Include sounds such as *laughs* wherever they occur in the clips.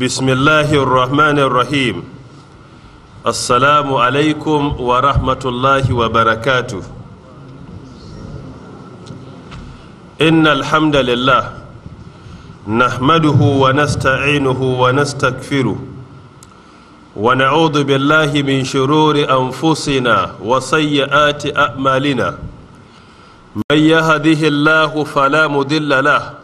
بسم الله الرحمن الرحيم السلام عليكم ورحمة الله وبركاته إن الحمد لله نحمده ونستعينه ونستكفره ونعوذ بالله من شرور أنفسنا وسيئات أعمالنا من يهده الله فلا مضل له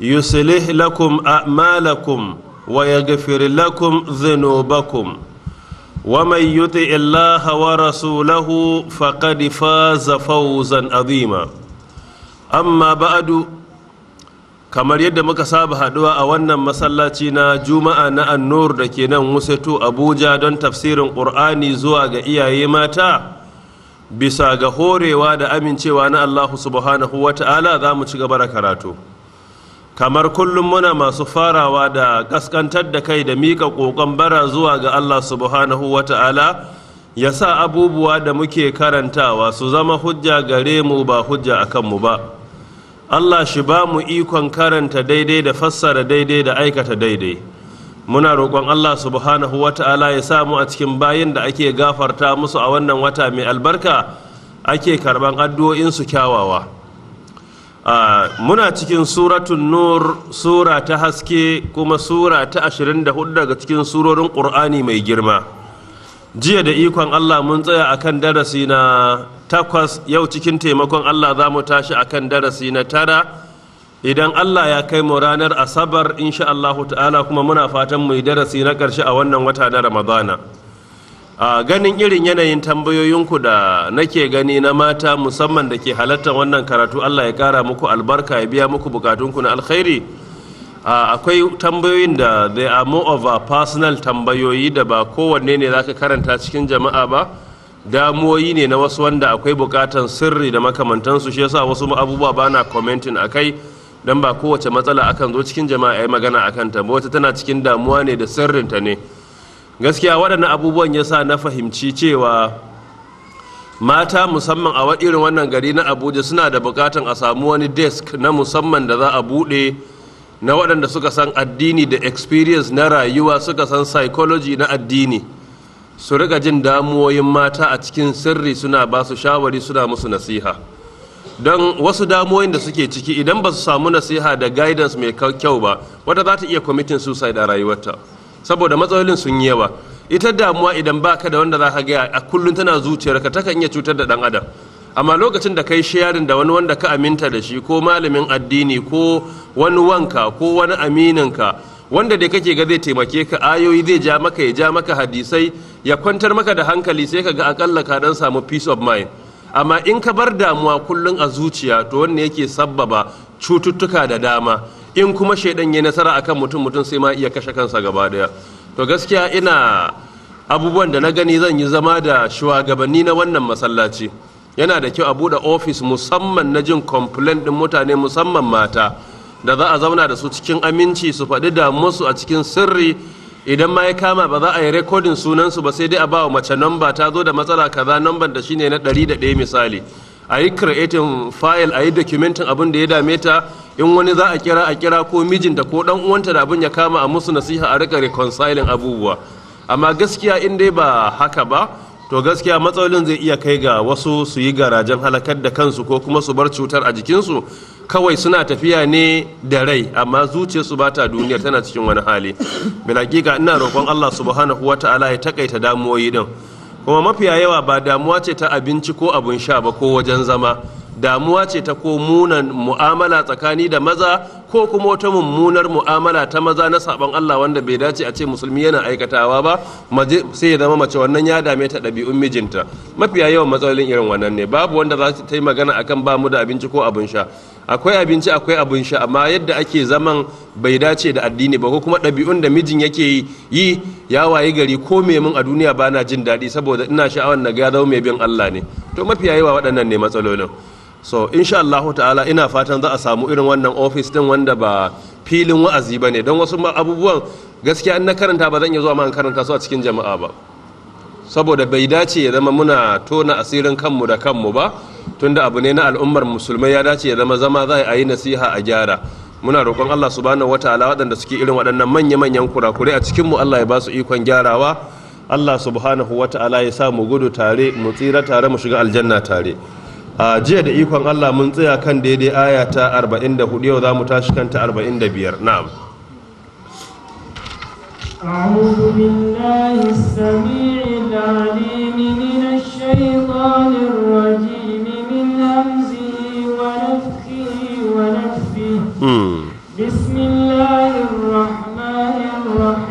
يصلح لكم أعمالكم ويغفر لكم ذنوبكم ومن يطع الله ورسوله فقد فاز فوزا عظيما أما بعد kamar yadda muka saba haɗuwa, a wannan masallaci na juma'a na annur da ke nan musatu abuja don tafsirin ƙur'ani zuwa ga iyaye mata bisa ga horewa da amincewa na allahu subhanahu wa ta'ala za mu ci gaba da karatu kamar kullum muna masu farawa da kaskantar da kai da mika kokon bara zuwa ga Allah subhanahu ta'ala ya sa abubuwa da muke karantawa su zama hujja gare mu ba hujja a kanmu ba Allah shi ba mu ikon karanta daidai da fassara daidai da aikata daidai muna roƙon Allah subhanahu ta'ala ya mu a cikin bayan da ake gafarta musu a wannan wata mai albarka ake karɓan addu'o'insu kyawawa muna cikin suratun nur sura ta haske kuma sura ta ashirin da hudu daga cikin surorin ƙur'ani mai girma jiya da ikon allah mun tsaya akan darasi na takwas yau cikin taimakon allah za mu tashi akan darasi na tara idan allah ya kai mu ranar asabar insha allahu ta'ala kuma muna fatan mu yi darasi na ƙarshe a wannan wata na ramadana a ganin irin yanayin tambayoyinku da nake gani na mata musamman da ke halartar wannan karatu allah ya kara muku albarka ya biya muku bukatunku na alkhairi akwai tambayoyin da they are more of a personal tambayoyi da ba kowanne ne zaka karanta cikin jama'a ba damuwoyi ne na wasu wanda akwai bukatan sirri da makamantansu shi yasa wasu abubuwa ba na commenting akai don ba kowace matsala akan zo cikin jama'a ya magana akan ta wata tana cikin damuwa ne da sirrinta ne gaskiya waɗannan abubuwan ya sa na fahimci cewa mata musamman a irin wannan gari na abuja suna da bukatan a samu wani desk na musamman da za a buɗe na waɗanda suka san addini da experience na rayuwa suka san psychology na addini su rika jin damuwoyin mata a cikin sirri suna ba su shawari suna musu nasiha don wasu damuwoyin da suke ciki idan ba su samu nasiha da guidance mai kyau ba wata za ta iya committing suicide a rayuwarta saboda matsalolin sun yi yawa ita damuwa idan baka da wanda zaka gaya a kullum tana zuciyarka takan iya cutar da dan adam amma lokacin da kai sharing da wani wanda ka aminta da shi ko malamin addini ko wani wanka ko wani amininka wanda dai kake ga zai taimake ka ayoyi zai ja maka ya ja maka hadisai ya kwantar maka da hankali sai ka ga akalla ka dan samu peace of mind amma in ka bar damuwa kullum a zuciya to wanda yake sabbaba cututtuka da dama in kuma shaidan ya nasara akan mutum mutum sai ma iya kashe kansa gaba daya to gaskiya ina abubuwan da na gani zan yi zama da shugabanni na wannan masallaci yana da kyau a buɗe ofis musamman na jin complain ɗin mutane musamman mata da za a zauna da su cikin aminci su faɗi da musu a cikin sirri idan ma ya kama ba za a yi rekodin sunansu ba sai dai a ba wa mace namba ta zo da matsala kaza namban da shine na ɗari da ɗaya misali a yi creating file a yi documentin abin da ya dame ta in wani za a kira a kira ko mijinta ko dan uwanta da abin ya kama a musu nasiha a rika reconciling abubuwa amma gaskiya in dai ba haka ba to gaskiya matsalolin zai iya kai ga wasu su yi garajen halakar da kansu ko kuma su bar cutar a jikinsu kawai suna tafiya ne da rai amma zuciyarsu su bata duniya tana cikin wani hali bilakika ina roƙon allah subhanahu wata'ala ta'ala ya takaita damuwoyi din kuma mafiya yawa ba damuwa ce ta abinci ko abin sha ba ko wajen zama damuwa ce ta ko munan mu'amala tsakani da maza ko kuma wata mummunar mu'amala ta maza na saban Allah wanda bai dace a ce musulmi yana aikatawa ba sai ya zama mace wannan ya dame ta ɗabi'un mijinta mafiya yawan matsalolin irin wannan ne babu wanda za ta yi magana akan ba mu da abinci ko abin sha akwai abinci akwai abin sha amma yadda ake zaman bai dace da addini ba ko kuma ɗabi'un da mijin yake yi ya wayi gari ko me mun a duniya bana jin daɗi saboda ina sha'awar na ga zama mai bin Allah ne to mafiya yawa waɗannan ne matsalolin so insha Allah ta'ala ina fatan za a samu irin wannan ofis din wanda ba filin wa'azi ba ne don wasu abubuwan gaskiya na karanta ba zan iya zuwa ma karanta su a cikin jama'a ba saboda bai dace ya zama muna tona asirin kanmu da kanmu ba tunda abu ne na al'ummar musulmai ya dace ya zama zama za a yi nasiha a gyara muna roƙon Allah subhanahu wataala waɗanda suke irin waɗannan manya-manyan kurakurai a cikinmu Allah ya ba su ikon gyarawa Allah subhanahu wataala ya sa mu gudu tare mu tsira tare mu shiga aljanna tare a jiya da ikon Allah mun tsaya kan daidai aya ta 44 yau za mu tashi kanta 45 na'am أعوذ بالله السميع العليم من الشيطان الرجيم من همزه ونفخه بسم الله الرحمن الرحيم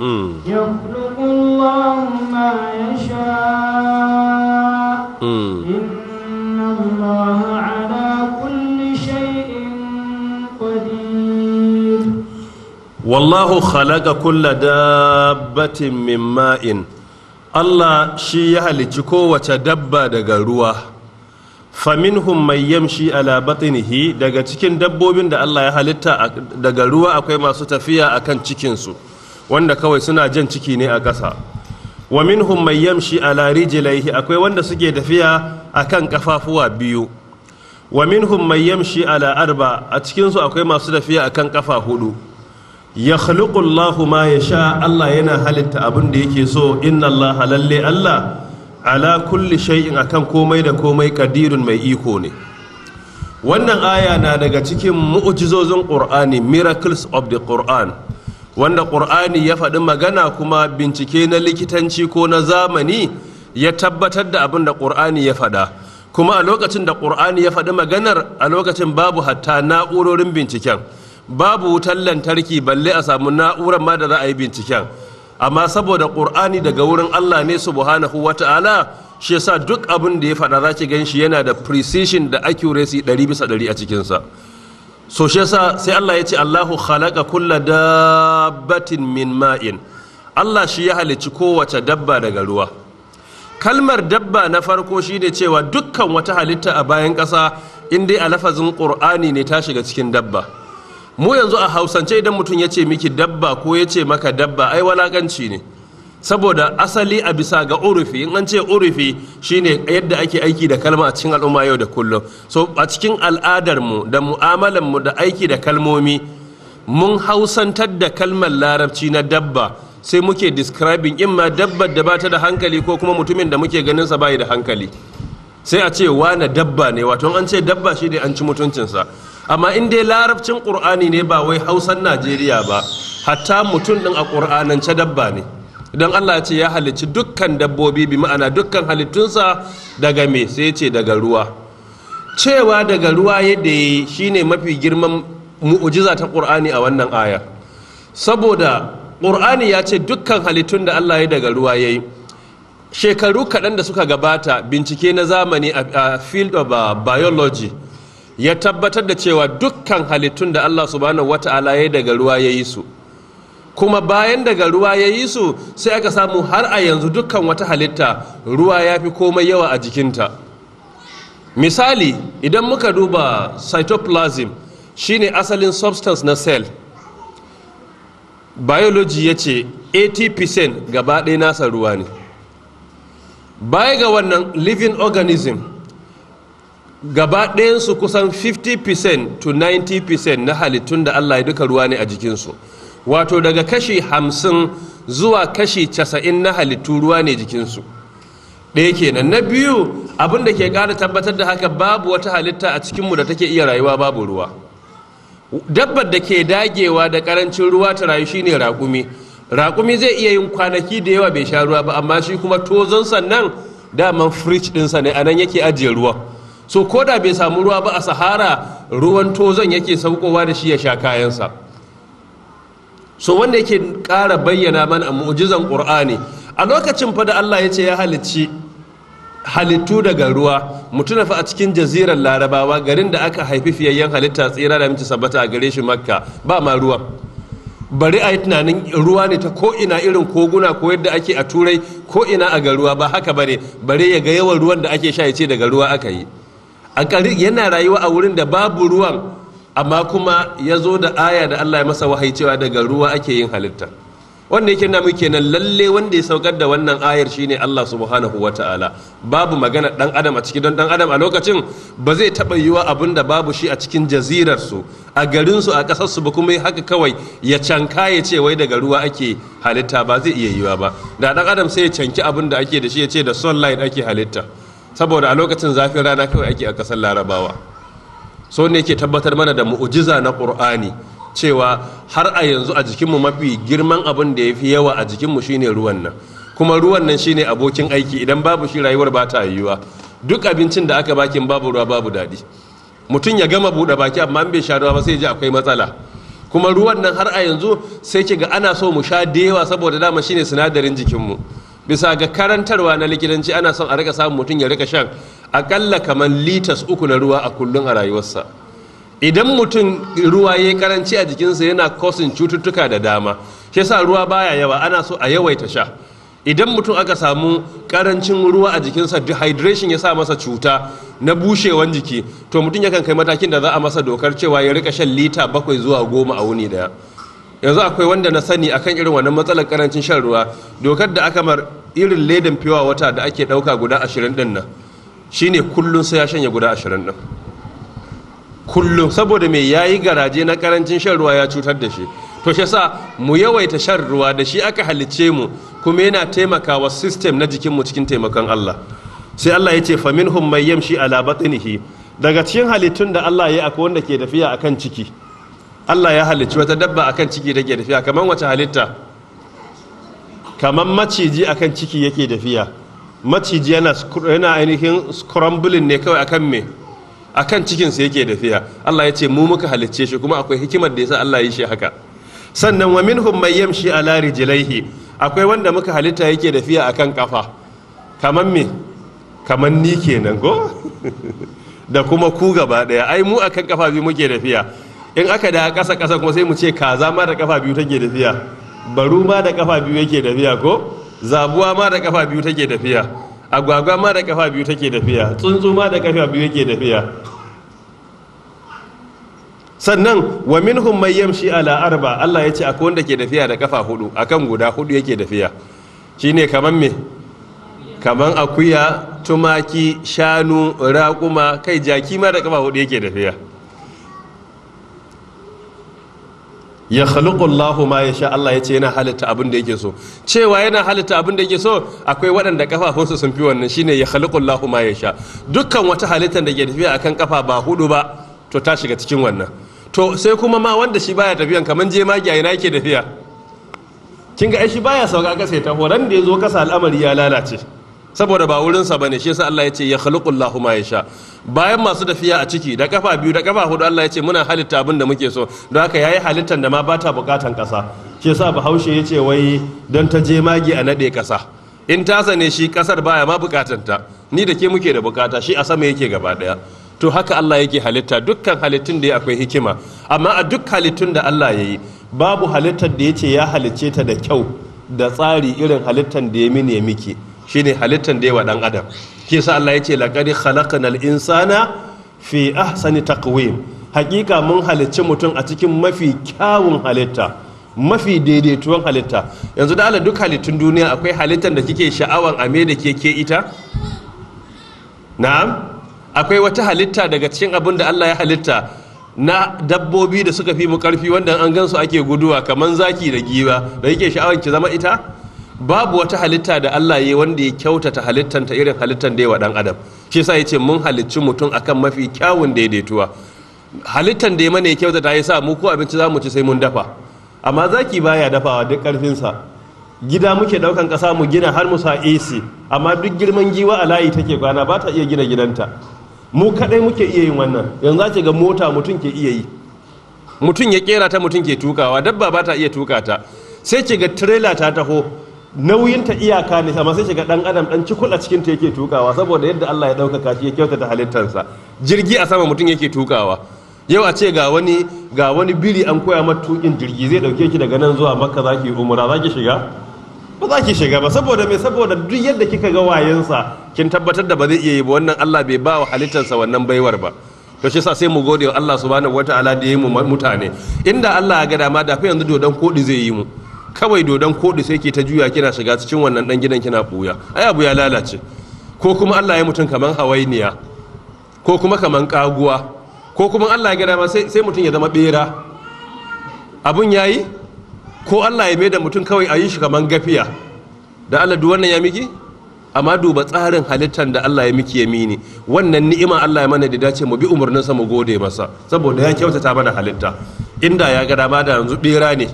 يخلق الله ما يشاء إن الله على كل شيء قدير والله خلق كل دابة من ماء Allah shi ya halicci kowace dabba daga ruwa faminhum mai yamshi ala batnihi daga cikin dabbobin da Allah ya halitta daga ruwa akwai masu tafiya akan cikinsu wanda kawai suna jan ciki ne a ƙasa wa minhum mai yamshi ala rijlaihi akwai wanda suke tafiya a kan kafafuwa biyu wa minhum mai yamshi ala arba a cikinsu akwai masu tafiya a kan kafa hudu ya ma ya sha Allah yana halitta abin da yake so inna Allah halalle Allah ala kulli shay'in akan komai da komai kadirun mai iko ne wannan aya na daga cikin mu'jizozin Qur'ani miracles of the Qur'an wanda ƙur'ani ya faɗi magana kuma bincike na likitanci ko na zamani ya tabbatar da abin da ƙur'ani ya faɗa kuma a lokacin da ƙur'ani ya faɗi maganar a lokacin babu hatta na'urorin binciken babu wutar lantarki balle a samu na'urar ma da za a yi binciken amma saboda ƙur'ani daga wurin allah ne subhanahu ta'ala shi yasa duk abin da ya faɗa za ki gan shi yana da precision da accuracy ɗari bisa ɗari a cikinsa so shi yasa sai Allah ya ce Allahu khalaqa kulla dabbatin min ma'in Allah shi ya halicci kowace dabba daga ruwa kalmar dabba na farko shine cewa dukkan wata halitta a bayan ƙasa in dai a lafazin ƙur'ani ne ta shiga cikin dabba mu yanzu a hausance idan mutum ya ce miki dabba ko ya ce maka dabba ai walakanci ne saboda asali a bisa ga urufi in an ce urufi shine yadda ake aiki da kalma a cikin al'umma yau da kullum so a cikin al'adarmu da mu'amalanmu da aiki da kalmomi mun hausantar da kalmar larabci na dabba sai muke describing in ma dabbar da bata da hankali ko kuma mutumin da muke ganin sa bai da hankali sai a ce wani dabba ne wato an ce dabba shi ne an ci mutuncinsa amma in dai larabcin qur'ani ne ba wai hausan najeriya ba hatta mutum din a qur'anance dabba ne idan Allah ya ce ya halicci dukkan dabbobi bi ma'ana dukkan halittunsa daga me sai ce daga ruwa cewa daga ruwa yadda ya shine mafi girman mu'ujiza ta ƙur'ani a wannan aya saboda ƙur'ani ya ce dukkan halittun da Allah ya daga ruwa ya yi shekaru kaɗan da suka gabata bincike na zamani a field of uh, biology ya tabbatar da cewa dukkan halittun da Allah subhanahu wata'ala ya daga ruwa ya yi su kuma bayan daga ruwa ya yi su sai aka samu har a yanzu dukkan wata halitta ruwa ya fi komai yawa a jikinta misali idan muka duba cytoplasm shine asalin substance na cell biology ya ce 80% gaba ɗaya nasa ruwa ne baya ga wannan living organism gaba ɗayansu kusan 50% to 90% na halittun da allah ya duka ruwa ne a jikinsu wato daga kashi hamsin zuwa kashi casa'in na halittu ruwa ne jikinsu ɗaya kenan na biyu abin da ke ƙara tabbatar da haka babu wata halitta a cikinmu da take iya rayuwa babu ruwa dabbar da ke dagewa da ƙarancin ruwa ta rayu shine raƙumi raƙumi zai iya yin kwanaki da yawa bai sha ruwa ba amma shi kuma tozon sannan daman firij ɗinsa ne anan yake ajiye ruwa so ko bai samu ruwa ba a sahara ruwan tozon yake saukowa da shi ya sha kayansa so wanda yake kara bayyana mana a mu'jizan qur'ani a lokacin fa Allah ya ce ya halicci halittu daga ruwa mutuna fa a cikin jaziran larabawa garin da aka haifi fiyayyen halitta tsira da minci sabbata a gare shi makka ba ma ruwa bari a yi tunanin ruwa ne ta ko'ina irin koguna ko yadda ake a turai ko'ina a ga ruwa ba haka bane bare ya ga yawan ruwan da ake sha ya ce daga ruwa aka yi yana rayuwa a wurin da babu ruwan amma kuma ya zo da aya da Allah ya masa wahayi cewa daga ruwa ake yin halitta wanda yake namu kenan lalle wanda ya saukar da wannan ayar shine Allah subhanahu ta'ala. babu magana dan adam a ciki don dan adam a lokacin ba zai taba yiwa abin da babu shi a cikin jazirar su a garin su a kasar su ba kuma haka kawai ya canka ya ce wai daga ruwa ake halitta ba zai iya yiwa ba da dan adam sai ya canki abin da ake da shi ya ce da sunlight ake halitta saboda a lokacin zafin rana kawai ake a kasar larabawa so ne ke tabbatar mana da mu'ujiza na qur'ani cewa har a yanzu a jikinmu mafi girman abin da ya fi yawa a jikinmu shine ruwan nan kuma ruwan nan shine abokin aiki idan babu shi rayuwar ba ta yiwuwa duk abincin da aka bakin babu ruwa babu daɗi mutum ya gama buɗe baki amma bai sha ruwa ba sai ji akwai matsala kuma ruwan nan har a yanzu sai ki ga ana so mu sha da yawa saboda dama shine sinadarin jikinmu bisa ga karantarwa na likitanci ana son a rika samun mutum ya rika shan akalla kamar litas uku na ruwa a kullum a rayuwarsa idan mutum ruwa ya karanci a jikinsa yana kosin cututtuka da dama shi sa ruwa baya yawa ana so a yawaita sha idan mutum aka samu karancin ruwa a jikinsa dehydration ya sa masa cuta na bushewan jiki to mutum yakan kai matakin da za a masa dokar cewa ya rika shan lita bakwai zuwa goma a wuni daya yanzu akwai wanda na sani akan irin wannan matsalar karancin shan ruwa dokar da aka mar irin ledan fiwa wata da ake dauka guda ashirin din nan shine kullun sai ya shanya guda ashirin din kullun saboda me yayi garaje na karancin shan ruwa ya cutar da shi to shi sa mu yawaita shan ruwa da shi aka halicce mu kuma yana taimakawa system na jikin mu cikin taimakon Allah sai Allah ya ce faminhum mai yamshi ala batnihi daga cikin halittun da Allah ya akwai wanda ke tafiya akan ciki Allah ya halicci wata dabba akan ciki take dafiya kamar wace halitta kamar maciji akan ciki yake dafiya. maciji yana yana ainihin scrambling ne kawai akan me akan cikin sa yake dafiya. Allah ya ce mu muka halicce shi kuma akwai hikimar da yasa Allah ya yi shi haka sannan wa minhum may yamshi ala rijlaihi akwai wanda muka halitta yake dafiya akan kafa kamar me kamar ni kenan go *laughs* da kuma ku gaba daya ai mu akan kafa biyu muke tafiya in aka da ƙasa ƙasa kuma sai mu ce kaza ma da kafa biyu take tafiya baru ma da kafa biyu yake tafiya ko zabuwa ma da kafa biyu take tafiya agwagwa ma da kafa biyu take tafiya tsuntsu ma da kafa biyu yake tafiya sannan wa minhum may yamshi ala arba Allah ya ce akwai wanda ke tafiya da kafa hudu akan guda hudu yake tafiya shine kaman me kaman akuya tumaki shanu raƙuma kai jaki ma da kafa hudu yake tafiya ya khaliqu Allahu ma yasha Allah yace yana halitta abin da yake so cewa yana halitta abin da yake so akwai waɗanda su sun fi wannan shine ya khaliqu Allahu ma yasha dukkan wata halitta da ke tafiya akan kafa ba hudu ba to ta shiga cikin wannan to sai kuma ma wanda shi baya tafiyan kaman je ma gaya yana yake tafiya kin ga ai shi baya sauka kasa ta horan da yazo kasa al'amari ya lalace saboda ba wurinsa ba ne shi yasa Allah ya ce ya khaliqu Allahu ma yasha bayan masu tafiya a ciki da kafa biyu da kafa hudu Allah ya ce muna halitta abin da muke so don haka yayi halittan da ma ba ta bukatan kasa shi yasa Bahaushe ya ce wai don ta je magi a nade kasa in ta ne shi kasar baya ma ta ni da ke muke da bukata shi a sama yake gaba daya to haka Allah yake halitta dukkan halittun da ya akwai hikima amma a duk halittun da Allah ya yi babu halittar da ya ce ya halicce ta da kyau da tsari irin halittar da ya mini ya miki shine halittan da yawa dan adam shi yasa Allah ya ce laqad khalaqnal insana fi ahsani taqwim hakika mun halicci mutum a cikin mafi kyawun halitta mafi daidaituwan halitta yanzu da Allah duk halittun duniya akwai halittan da kike sha'awan ame da ke ke ita na'am akwai wata halitta daga cikin abin da Allah ya halitta na dabbobi da suka fi mu karfi wanda an gan su ake guduwa kamar zaki da giwa da yake sha'awan ki zama ita babu wata halitta da Allah ya wanda ya kyautata halittanta irin halittan da ya dan adam shi ya yace mun halicci mutum akan mafi kyawun daidaituwa halittan da ya mana ya kyautata ya sa mu ko abinci za mu ci sai mun dafa amma zaki baya dafawa duk karfinsa gida muke daukan kasa mu gina har mu sa AC amma duk girman giwa a layi take kwana ba ta iya gina gidanta mu kadai muke iya yin wannan yanzu ce ga mota mutum ke iya yi mutum ya kera ta mutum ke tukawa dabba ba ta iya tuka ta sai ce ga trailer ta taho nauyin iyaka ne amma sai shiga dan adam dan cikula cikin ta yake tukawa saboda yadda Allah ya dauka shi ya kyautata halittarsa jirgi a sama mutum yake tukawa yau a ce ga wani ga wani biri an koya mata tukin jirgi zai dauke ki daga nan zuwa makka zaki umra zaki shiga ba za ki shiga ba saboda mai saboda duk yadda kika ga wayensa kin tabbatar da ba zai iya yi ba wannan Allah bai ba wa halittarsa wannan baiwar ba to shi yasa sai mu gode wa Allah subhanahu wataala da ya yi mu mutane inda Allah ya ga dama da fa yanzu dodon kodi zai yi mu kawai dodon koɗi sai ke ta juya kina shiga cikin wannan ɗan gidan kina buya. ai abu ya lalace ko kuma allah ya mutum kaman hawainiya ko kuma kaman ƙaguwa ko kuma allah ya gada ma sai mutum ya zama ɓera abun ya yi ko allah ya mai da mutum kawai a yi shi kamar gafiya da allah duk wannan ya miki amma duba tsarin halittar da Allah ya miki mini, wannan ni'ima Allah ya mana da dace mu bi umarninsa mu gode masa saboda ya kyautata mana halitta inda ya gada, ma da yanzu bera ne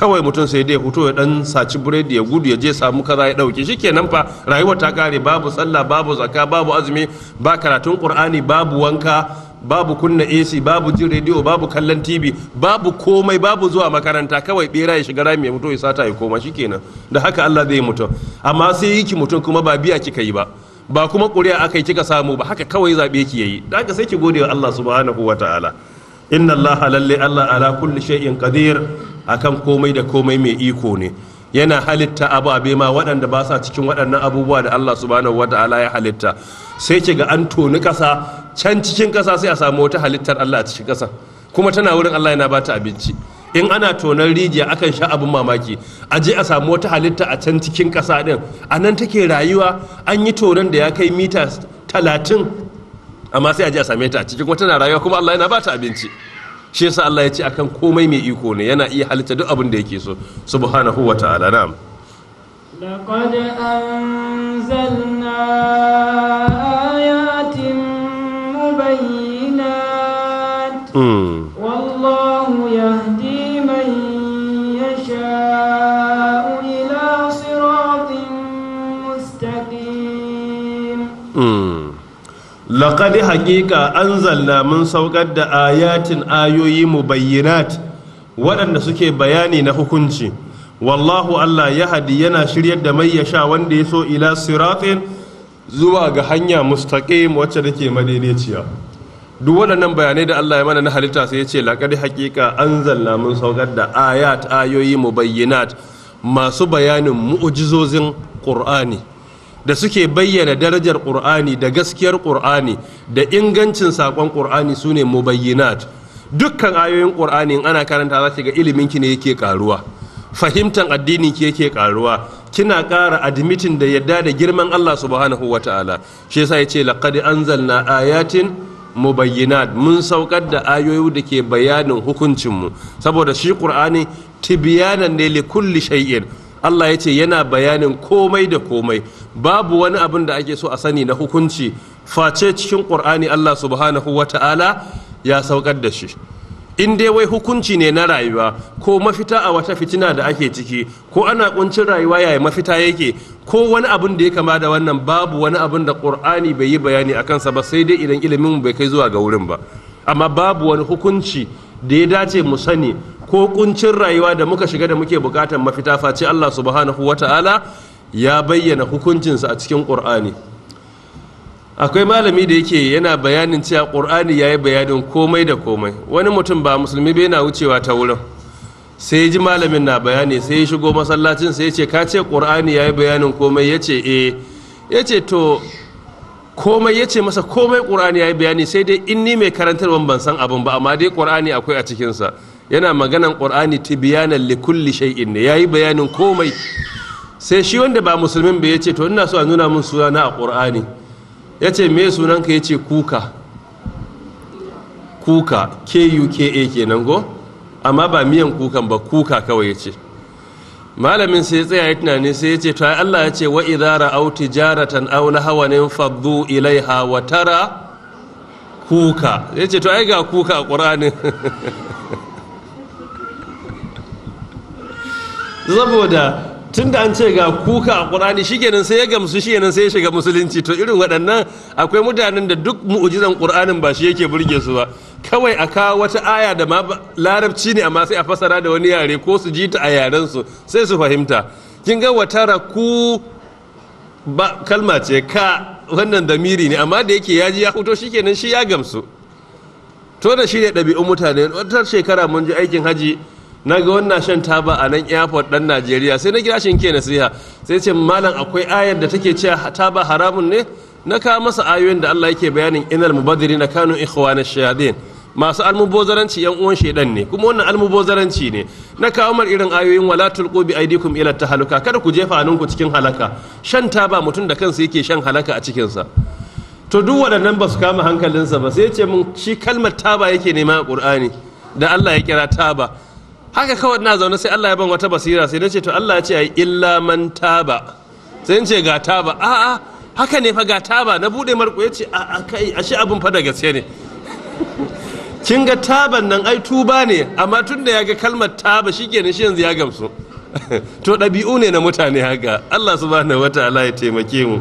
kawai mutum sai dai hutu ya dan saci buredi ya gudu ya je samu kaza ya dauke shikenan fa rayuwar ta kare babu sallah babu zakka babu azumi ba karatun qur'ani babu wanka babu kunna AC babu jin rediyo babu kallon TV babu komai babu zuwa makaranta kawai bera ya shiga rami ya mutu ya sata ya koma shikenan da haka Allah zai mutum amma sai yiki mutum kuma ba biya kika yi ba ba kuma ƙuri'a aka yi kika samu ba haka kawai zabe ki yayi da haka sai ki gode wa Allah subhanahu wataala inna Allah lalle Allah ala kulli shay'in qadir akan komai da komai mai iko ne yana halitta ababe ma waɗanda ba sa cikin waɗannan abubuwa da Allah subhanahu ta'ala ya halitta sai ke ga an toni ƙasa can cikin ƙasa sai a samu wata halittar Allah a cikin ƙasa kuma tana wurin Allah yana bata abinci in ana tonar rijiya akan sha abin mamaki a je a samu wata halitta a can cikin ƙasa ɗin a nan take rayuwa an yi tonon da ya kai mita talatin amma sai a je a same ta a cikin wata tana rayuwa kuma Allah yana bata abinci shi yasa Allah ya ce akan komai mai iko ne yana iya halitta duk abin da yake so subhanahu wa ta'ala na'am laqad anzalna ayatin mubayyinat hmm. laqad haqiqa anzalna mun saukar da ayatin ayoyi mubayyinat waɗanda suke bayani na hukunci wallahu Allah Yahadi yana shiryar da mai ya sha wanda ya so ila siratin zuwa ga hanya mustaqim wacce take madaidaiciya duk waɗannan bayanai da Allah ya mana na halitta sai ya ce laƙari haƙiƙa an zalla mun da ayat ayoyi mubayyinat masu bayanin mu'ujizozin ƙur'ani da suke bayyana darajar ƙur'ani da gaskiyar ƙur'ani da ingancin saƙon ƙur'ani su ne mubayyinat dukkan ayoyin ƙur'ani ana karanta za ga iliminki ne yake ƙaruwa fahimtar addinin ki yake ƙaruwa kina ƙara admitin da yadda da girman Allah subhanahu wa ta'ala shi yasa yace laqad anzalna ayatin mubayyinat mun saukar da ayoyi da ke bayanin hukuncinmu saboda shi ƙur'ani tibiyanan ne li kulli shay'in Allah ya ce yana bayanin komai da komai babu wani abin da ake so a sani na hukunci face cikin ƙur'ani Allah subhanahu wa ta'ala ya saukar da shi in dai wai hukunci ne na rayuwa ko mafita a wata fitina da ake ciki ko ana kuncin rayuwa yaya mafita yake ko wani abin da ya kama da wannan babu wani abin da ƙur'ani bai yi bayani a kansa ba sai dai idan ilimin bai kai zuwa ga wurin ba amma babu wani hukunci da ya dace mu sani ko kuncin rayuwa da muka shiga da muke bukatan mafita face Allah subhanahu ta'ala ya bayyana hukuncinsa a cikin ƙur'ani akwai malami da yake yana bayanin cewa ƙur'ani ya yi bayanin komai da komai wani mutum ba musulmi bai na wucewa ta wurin sai ji malamin na bayani sai ya shigo masallacin sai ya ce ka ce ƙur'ani ya yi bayanin komai ya ce eh ya ce to komai ya ce masa komai ƙur'ani ya yi bayani sai dai in ni mai karantarwa ban san abin ba amma dai ƙur'ani akwai a cikinsa yana maganan ƙur'ani ta biyanar likulli shay'in ne yi bayanin komai sai shi wanda ba musulmin ba ya ce, to ina so a nuna min suna a ƙur'ani ce me sunanka ce kuka kuka kuka kenan go amma ba miyan kukan ba kuka kawai ya ce. malamin sai tsaya ya tunani sai ce to Allah ya ce wa idara au tijaratan aw ne fabdu ilaiha wa tara kuka Ya ce to ai ga kuka a ƙur'anin *laughs* saboda tun da an ce ga kuka a ƙur'ani shi kenan sai ya gamsu shi kenan sai ya shiga musulunci to irin waɗannan akwai mutanen da duk mu'ujizan ƙur'anin ba shi yake burge su ba kawai a kawo wata aya da ma larabci ne amma sai a fasara da wani yare ko su ji ta a yaren su sai su fahimta kin ga wata ku ba kalma ce ka wannan damiri ne amma da yake ya ji ya fito shi kenan shi ya gamsu to da shi ne ɗabi'un mutane wata shekara mun ji aikin haji na ga wannan shan taba a nan airport dan najeriya sai na gida shi ke nasiha sai ce malam akwai ayar da take cewa taba haramun ne na kawo masa ayoyin da allah yake bayanin inal mubadiri na kanu na shayadin masu almubozaranci yan uwan shaidan ne kuma wannan almubozaranci ne na kawo mar irin ayoyin wala tulqu bi aidikum ila tahaluka kada ku jefa hannunku cikin halaka shan taba mutum da kansa yake shan halaka a cikin sa to duk waɗannan ba su kama hankalinsa ba sai ce mun shi kalmar taba yake nema a qur'ani da Allah ya kira taba haka kawai na zaune sai Allah ya ban wata basira sai nace to Allah ya ce illa man taba sai in ce ga taba a a haka ne fa ga taba na bude marko yace a a kai ashe abun fa da gaske ne *laughs* kin ga taban nan ai tuba ne amma tun da ya ga kalmar taba shikenan shi yanzu ya gamsu *laughs* to dabi'u ne na mutane haka Allah subhanahu wataala ya taimake mu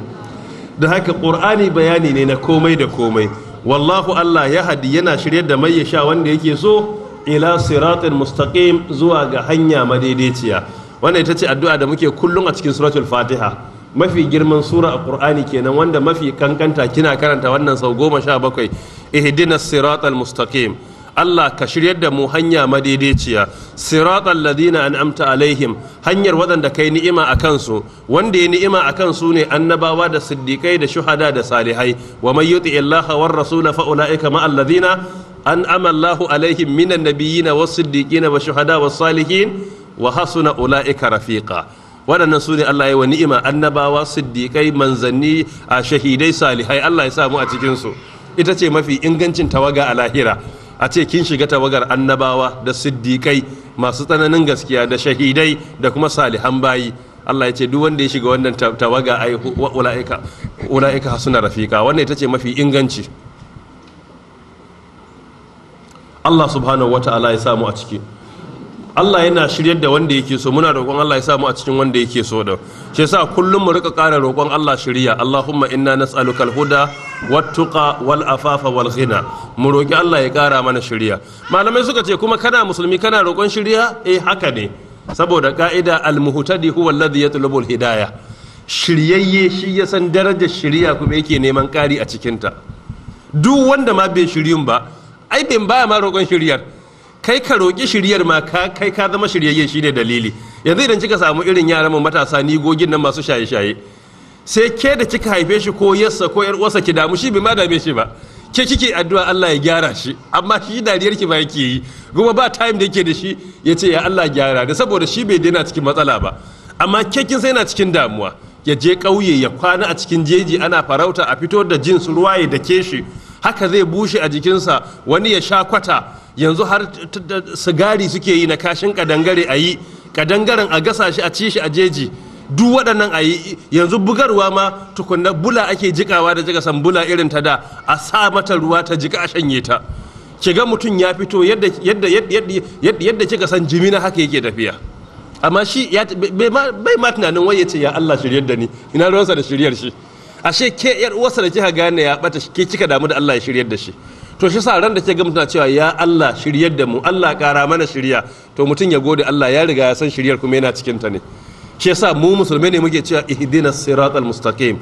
da haka qur'ani bayani ne na komai da komai wallahu Allah ya hadi yana shiryar da mai ya sha wanda yake so ila siratin mustaqim zuwa ga hanya madaidaiciya wannan ita ce addu'a da muke kullum a cikin suratul fatiha mafi girman sura a qur'ani kenan wanda mafi kankanta kina karanta wannan sau goma sha bakwai ihdinas siratal mustaqim Allah ka shiryar da mu hanya madaidaiciya siratal ladina an'amta alaihim hanyar waɗanda kai ni'ima a kansu wanda ya ni'ima a kansu ne annabawa da siddiqai da shuhada da salihai wa may yuti illaha war rasul fa ulaika ma alladhina an amallahu alaihim minan na wasu na wash-shuhada wa salihin wa hasuna ulaika rafiqa waɗannan su ne Allah ya wa ni'ima annabawa siddiƙai manzanni a shahidai salihai Allah ya samu a cikinsu ita ce mafi ingancin tawaga a lahira a ce kin shiga tawagar annabawa da siddiƙai masu tsananin gaskiya da shahidai da kuma salihan bayi Allah ya ce duk wanda ya shiga wannan tawaga ai ula'ika ula'ika hasuna rafiqa wannan ita ce mafi inganci Allah subhanahu wata'ala ya samu a ciki Allah yana shiryar da wanda yake so muna roƙon Allah ya samu a cikin wanda yake so da shi yasa kullum mu rika ƙara roƙon Allah shiriya Allahumma inna nas'aluka al-huda wat wal-afafa wal-ghina mu roƙi Allah ya ƙara mana shirya malamai suka ce kuma kana musulmi kana roƙon shirya eh haka ne saboda ka'ida al-muhtadi huwa alladhi yatlubu hidaya. shiryayye shi ya san darajar shirya kuma yake neman ƙari a cikinta duk wanda ma bai shiryun ba ai bin baya ma roƙon shiryar kai ka roƙi shiryar ma kai ka zama shiryayye shine dalili yanzu idan kika samu irin yaran mu matasa ni gogin nan masu shaye-shaye sai ke da kika haife shi ko yassa ko yar uwarsa ki damu shi bai ma dame shi ba ke kike addu'a Allah ya gyara shi amma shi dariyar ki ba yake yi kuma ba time da yake da shi ya ce ya Allah gyara da saboda shi bai daina cikin matsala ba amma ke kin sai na cikin damuwa ya je ƙauye ya kwana a cikin jeji ana farauta a fito da jins ruwaye da keshi. haka zai bushe a jikinsa wani ya sha kwata yanzu har sigari suke yi na kashin kadangare a yi kadangaren a gasa shi a ci shi a jeji duk waɗannan a yi yanzu bugarwa ma tukunna bula ake jikawa da jika bula irin ta da a sa mata ruwa ta jika a shanye ta ki ga mutum ya fito yadda kika san jimina haka yake tafiya amma shi bai ma tunanin wai ya ce ya Allah shiryar da ni ina ruwansa da shiryar shi ashe ke yar uwarsa da kika gane ya bata ke kika damu da Allah ya shiryar da shi to shi sa ran da ke ga mutuna cewa ya Allah shiryar da mu Allah kara mana shirya to mutum ya gode Allah ya riga ya san shiryar kuma yana cikin ta ne shi yasa mu musulmi ne muke cewa ihdinas siratal mustaqim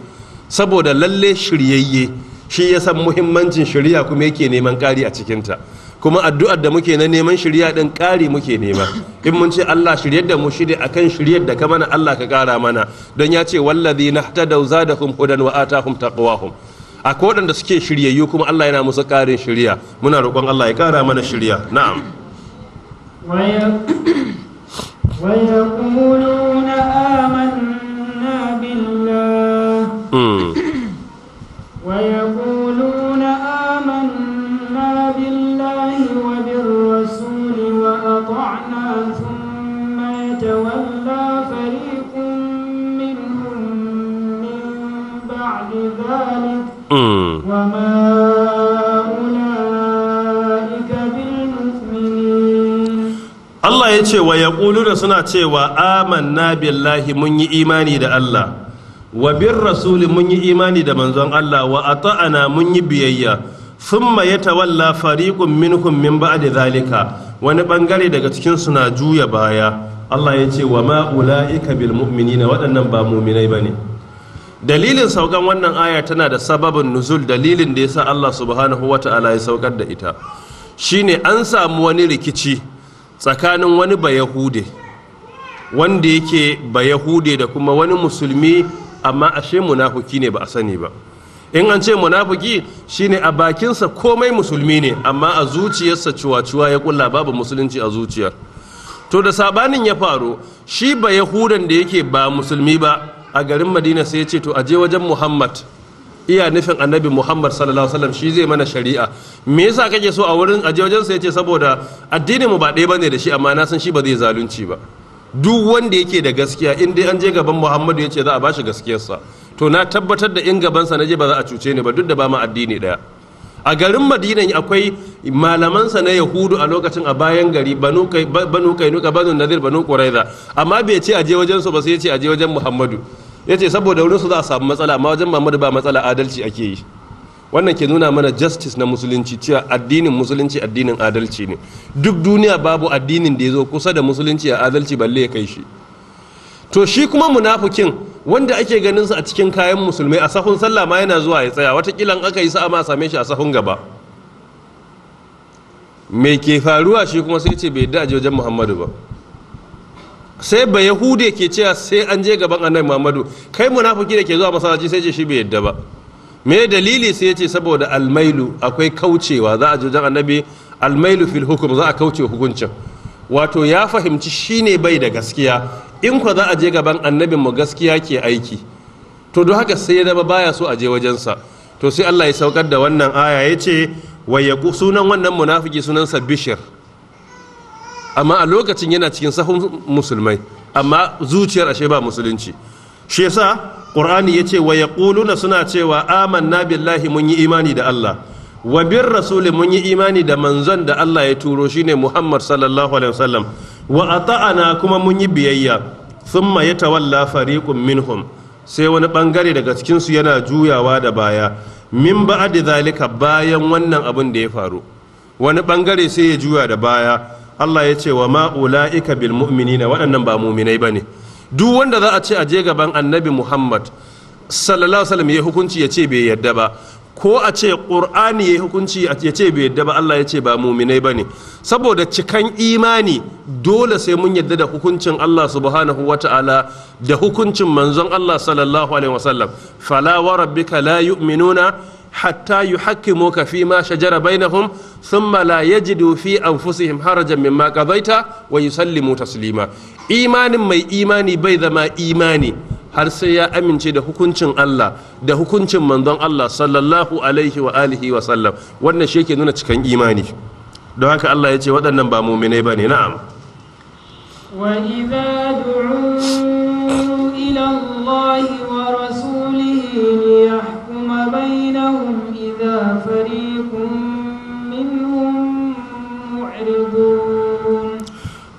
saboda lalle shiryayye shi ya san muhimmancin shirya kuma yake neman kari a cikin ta kuma addu'ar da muke na neman shirya ɗin ƙari muke nema in mun ce Allah shiryar da mu shirya akan shiryar da ka mana Allah ka ƙara mana don ya ce wallazi nahtadaw zadahum hudan wa atahum taqwahum a kodan da suke shiryayyu kuma Allah yana musu ƙarin shirya muna roƙon Allah ya ƙara mana shirya na'am ويقولون آمنا بالله ويقولون يتولى فريق منهم من بعد ذلك وما أولئك بالمؤمنين الله يتشي ويقولون سنة آمنا mun yi imani da Allah wa bin rasuli mun yi imani da manzon Allah wa At-Ta'ana mun yi biyayya thumma tawalla fariqun minhum min ba'di zalika wani ɓangare daga cikin suna juya baya Allah ya ce wa ma'ula'ika bil mu'minina waɗannan ba muminai ba ne dalilin saukan wannan aya tana da sababin nuzul dalilin da ya sa Allah subhanahu wa ta'ala ya saukar da ita shine an samu wani rikici tsakanin wani bayahude wanda yake bayahude da kuma wani musulmi amma ashe munafuki ne ba a sani ba in an ce munafuki shine a bakinsa komai musulmi ne amma a zuciyarsa cuwa-cuwa ya kulla babu musulunci a zuciyar to da sabanin ya faru shi ba yahudan da yake ba musulmi ba a garin madina sai ya ce to aje wajen muhammad iya nufin annabi muhammad sallallahu alaihi wasallam shi zai mana shari'a me yasa kake so a wurin aje wajen sai ya ce saboda addinin mu ba ɗaya bane da shi amma na san shi ba zai zalunci ba duk wanda yake da gaskiya in dai an je gaban muhammadu ya ce za a bashi gaskiyarsa to na tabbatar da in gabansa na je ba za a cuce ni ba duk da ba ma addini ɗaya a garin madina akwai malamansa na yahudu a lokacin a bayan gari banu kainuka banu Nadir, banu quraiza amma bai ce aje wajen su ba sai ya ce aje wajen muhammadu ya ce saboda wurin su za a samu matsala amma wajen muhammadu ba matsala adalci ake yi wannan ke nuna mana justice na musulunci cewa addinin musulunci addinin adalci ne duk duniya babu addinin da ya zo kusa da musulunci a adalci balle ya kai shi to shi kuma munafukin wanda ake ganin sa a cikin kayan musulmai a sahun sallah ma yana zuwa ya tsaya watakila in aka yi sa'a ma same shi a sahun gaba mai ke faruwa shi kuma sai ce bai yadda wajen muhammadu ba sai ba yahudi ke cewa sai an je gaban annabi muhammadu kai munafiki da ke zuwa masallaci sai ce shi bai yadda ba me dalili sai ce saboda almailu akwai kaucewa za a wajen annabi almailu fil hukum za a kauce hukuncin wato ya fahimci shine bai da gaskiya in kwa za a je gaban annabin mu gaskiya ke aiki to don haka sai ya baya so a je wajensa to sai Allah ya saukar da wannan aya ya ce wayyaku sunan wannan munafiki sunansa bishir amma a lokacin yana cikin sahun musulmai amma zuciyar ashe ba musulunci shi yasa qur'ani ce wa yaquluna suna cewa amanna billahi mun yi imani da Allah wa bir rasuli mun yi imani da manzon da Allah ya turo shine Muhammad sallallahu alaihi wasallam wa ata'ana kuma mun yi biyayya thumma walla fariƙun minhum sai wani bangare daga cikinsu yana juyawa da baya min ba ba'di zalika bayan wannan abin da ya faru wani bangare sai ya juya da baya Allah ya ce wa ma ika bil mu'minina waɗannan ba mu'minai ba ne. duk wanda za a ce a je gaban annabi Muhammad sallallahu alaihi wasallam ya hukunci ya ce bai yadda ba ko a ce ƙur'ani ya hukunci ya ce bai yadda ba Allah ya ce ba muminai ba ne saboda cikan imani dole sai mun yadda da hukuncin Allah subhanahu wa ta'ala da hukuncin manzon Allah sallallahu alaihi wasallam fala wa rabbika la yu'minuna hatta ka fi ma shajara bainahum thumma la yajidu fi anfusihim harajan mimma qadaita wa yusallimu taslima imanin mai imani bai zama imani har sai ya amince da hukuncin Allah da hukuncin manzon Allah sallallahu alaihi wa alihi wa sallam wannan shi yake nuna cikin imani don haka Allah ya ce waɗannan ba muminai ba ne na'am وإذا دعوا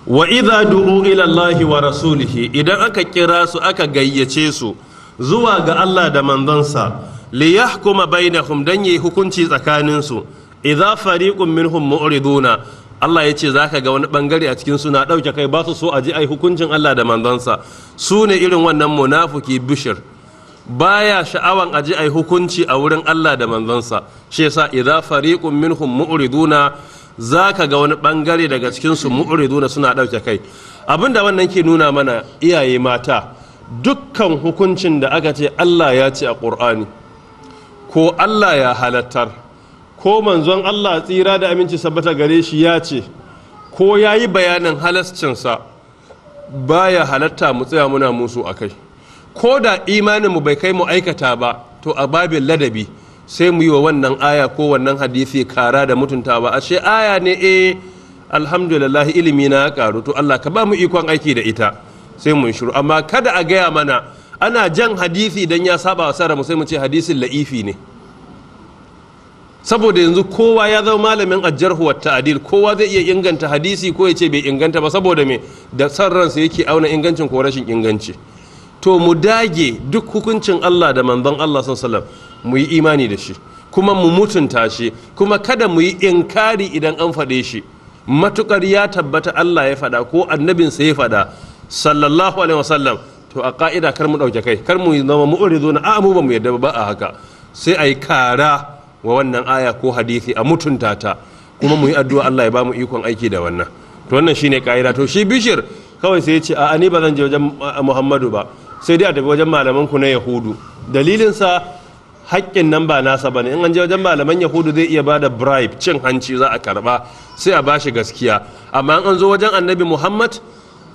wa idza du'u ila Allahi wa rasulihi idan aka kira su aka gayyace su zuwa ga Allah da manzonsa li yahkuma bainahum dan yi hukunci tsakanin su idza fariqun minhum mu'riduna Allah ya ce zaka ga wani bangare a cikin suna dauke kai ba su so a ji ai hukuncin Allah da manzonsa su ne irin wannan munafiki bishir baya sha'awan aji ai hukunci a wurin Allah da manzonsa shi yasa idza fariqun minhum mu'riduna za ka ga wani bangare daga cikin cikinsu mu'riduna suna ɗauke kai abinda wannan ke nuna mana iyaye mata dukkan hukuncin da aka ce Allah ya ce a ƙur'ani ko Allah ya halattar ko manzon Allah tsira da aminci sabbata gare shi ya ce ko ya yi bayanin halascinsa ba ya halatta mu tsaya muna musu a kai ko da imaninmu bai kai mu aikata ba to a babin ladabi sai mu yi wa wannan aya ko wannan hadisi kara da mutuntawa ashe aya ne e alhamdulillah ilimi na karu to Allah ka ba mu ikon aiki da ita sai mu shiru amma kada a gaya mana ana jan hadisi dan ya saba wa mu sai mu ce hadisin la'ifi ne saboda yanzu kowa ya zama malamin ajarhu wa ta'dil kowa zai iya inganta hadisi ko ya ce bai inganta ba saboda me da san ransa yake auna ingancin ko rashin inganci to mu dage duk hukuncin Allah da manzon Allah sallallahu alaihi wasallam mu yi imani da shi kuma mu mutunta shi kuma kada mu yi inkari idan an faɗe shi matukar ya tabbata Allah ya faɗa ko annabinsa ya faɗa sallallahu alaihi wasallam to a ka'ida kar mu ɗauke kai kar mu zama mu'ridu na amu ba mu yadda ba a haka sai a yi kara wa wannan aya ko hadisi a mutunta ta kuma mu yi addu'a Allah ya ba mu ikon aiki da wannan to wannan shine ka'ida to shi bishir kawai sai ya ce a'a ni ba zan je wajen ah, Muhammadu ba sai dai a tafi wajen malaman ku na Yahudu dalilin sa haƙƙin nan ba nasa bane in an je wajen malaman yahudu zai iya bada bribe cin hanci za a karba sai a bashi gaskiya amma in an zo wajen annabi muhammad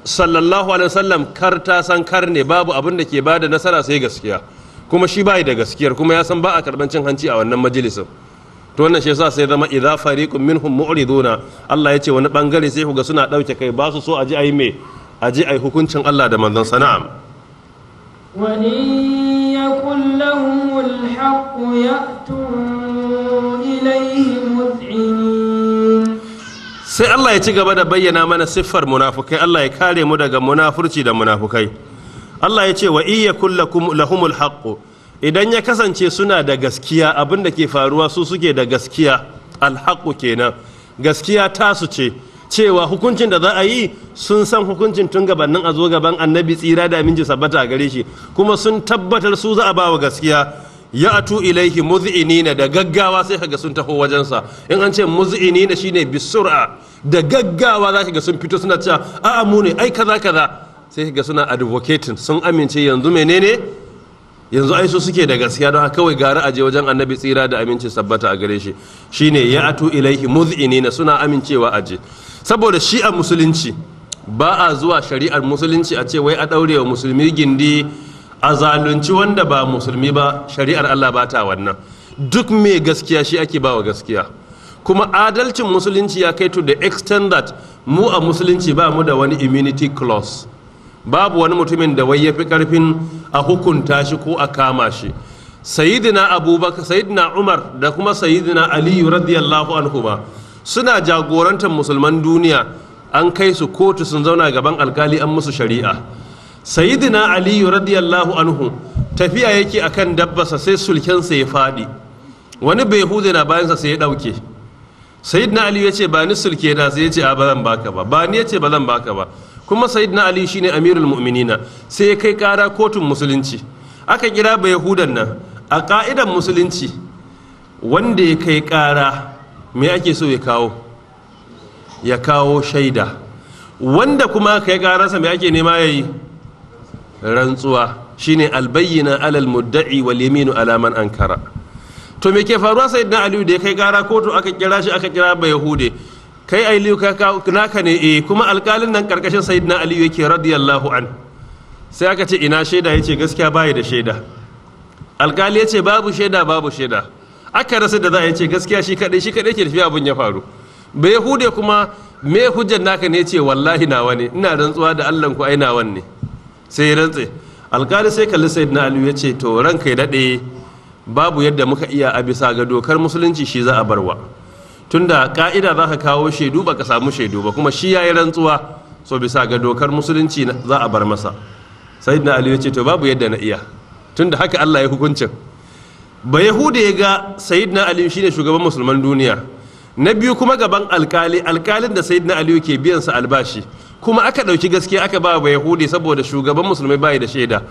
sallallahu alaihi wasallam kar ta san kar ne babu abin da ke bada nasara sai gaskiya kuma shi bai da gaskiyar kuma ya san ba a karban cin hanci a wannan majalisin to wannan shi yasa sai zama idza fariqun minhum mu'riduna Allah ya ce wani bangare sai ku ga suna dauke kai ba su so a mai ayi me ji ayi hukuncin Allah da manzon sana'am wa يكن لهم الحق يأتوا إليه مذعنين sai Allah ya ci gaba da bayyana mana siffar munafukai Allah ya kare mu daga munafurci da munafukai Allah ya ce wa iya kullakum lahumul haqqu idan ya kasance suna da gaskiya abin da ke faruwa su suke da gaskiya alhaqqu kenan gaskiya tasu ce cewa hukuncin da za a yi sun san hukuncin tun gabanin a zo gaban annabi tsira da aminci sabbata a gare shi kuma sun tabbatar su za a bawa gaskiya ya atu ilaihi muz'inina da gaggawa sai kaga sun taho wajensa in an ce muz'inina shine bisur'a da gaggawa za ga sun fito suna cewa a'a mu ne ai kaza kaza sai kaga suna advocating sun amince yanzu menene yanzu ai su suke da gaskiya don kawai gara aje wajen annabi tsira da amincin sabbata a gare shi shine ya atu ilaihi na suna amincewa aje saboda shi a musulunci ba a zuwa shari'ar musulunci a ce wai a daure wa musulmi gindi a zalunci wanda ba musulmi ba shari'ar Allah ba ta wannan duk mai gaskiya shi ake bawa gaskiya kuma adalcin musulunci ya kai to the extent that mu a musulunci ba mu da wani immunity clause babu wani mutumin da wai ya fi karfin a hukunta shi ko a kama shi sayyidina abubakar sayyidina umar da kuma sayyidina aliyu radiyallahu anhu ba suna jagorantar musulman duniya an kai su kotu sun zauna gaban alkali an musu shari'a sayyidina aliyu radiyallahu anhu tafiya yake akan dabbasa sai sulkensa ya faɗi wani bai hude na bayansa sai ya ɗauke sayyidina aliyu ya ce ba ni sulke na sai ya ce a ba zan baka ba ba ni ya ce ba zan baka ba kuma sayyidina ali shine amirul mu'minina sai ya kai kara kotun musulunci aka kira ba yahudan nan a ka'idan musulunci wanda ya kai kara me ake so ya kawo ya kawo shaida wanda kuma ka yi karansa me ake nema ya yi? rantsuwa shine albayyana alal mudda'i wal yaminu alaman ankara to me ke faruwa sayyidina ali da ya kai kara kotu aka kira shi aka kira ba yahude kai liuka ka naka ne eh kuma alƙalin nan karkashin sayyidina aliyu yake radiyallahu an sai aka ce ina shaida yace gaskiya bai da shaida alkali yace babu shaida babu shaida aka rasa da za a yace gaskiya shi kadai shi kadai ke tafiya abun ya faru ba yahude kuma me hujjar naka ne yace wallahi nawa ne ina rantsuwa da Allah ku ai nawan ne sai ya rantse alkali sai kalli sayyidina aliyu yace to ranka ya dade babu yadda muka iya a bisa ga dokar musulunci shi za a barwa tunda ka'ida za ka kawo shaidu ba ka samu shaidu ba kuma shi ya yi rantsuwa so bisa ga dokar musulunci za a bar masa sai na ali ce to babu yadda na iya tunda haka allah ya hukuncin ba yahuda ya ga sayyidina ali shine shugaban musulman duniya na biyu kuma gaban alkali alkalin da sayyidina aliyu ke biyan sa albashi kuma aka ɗauki gaskiya aka ba wa yahudi saboda shugaban musulmai bai da shaida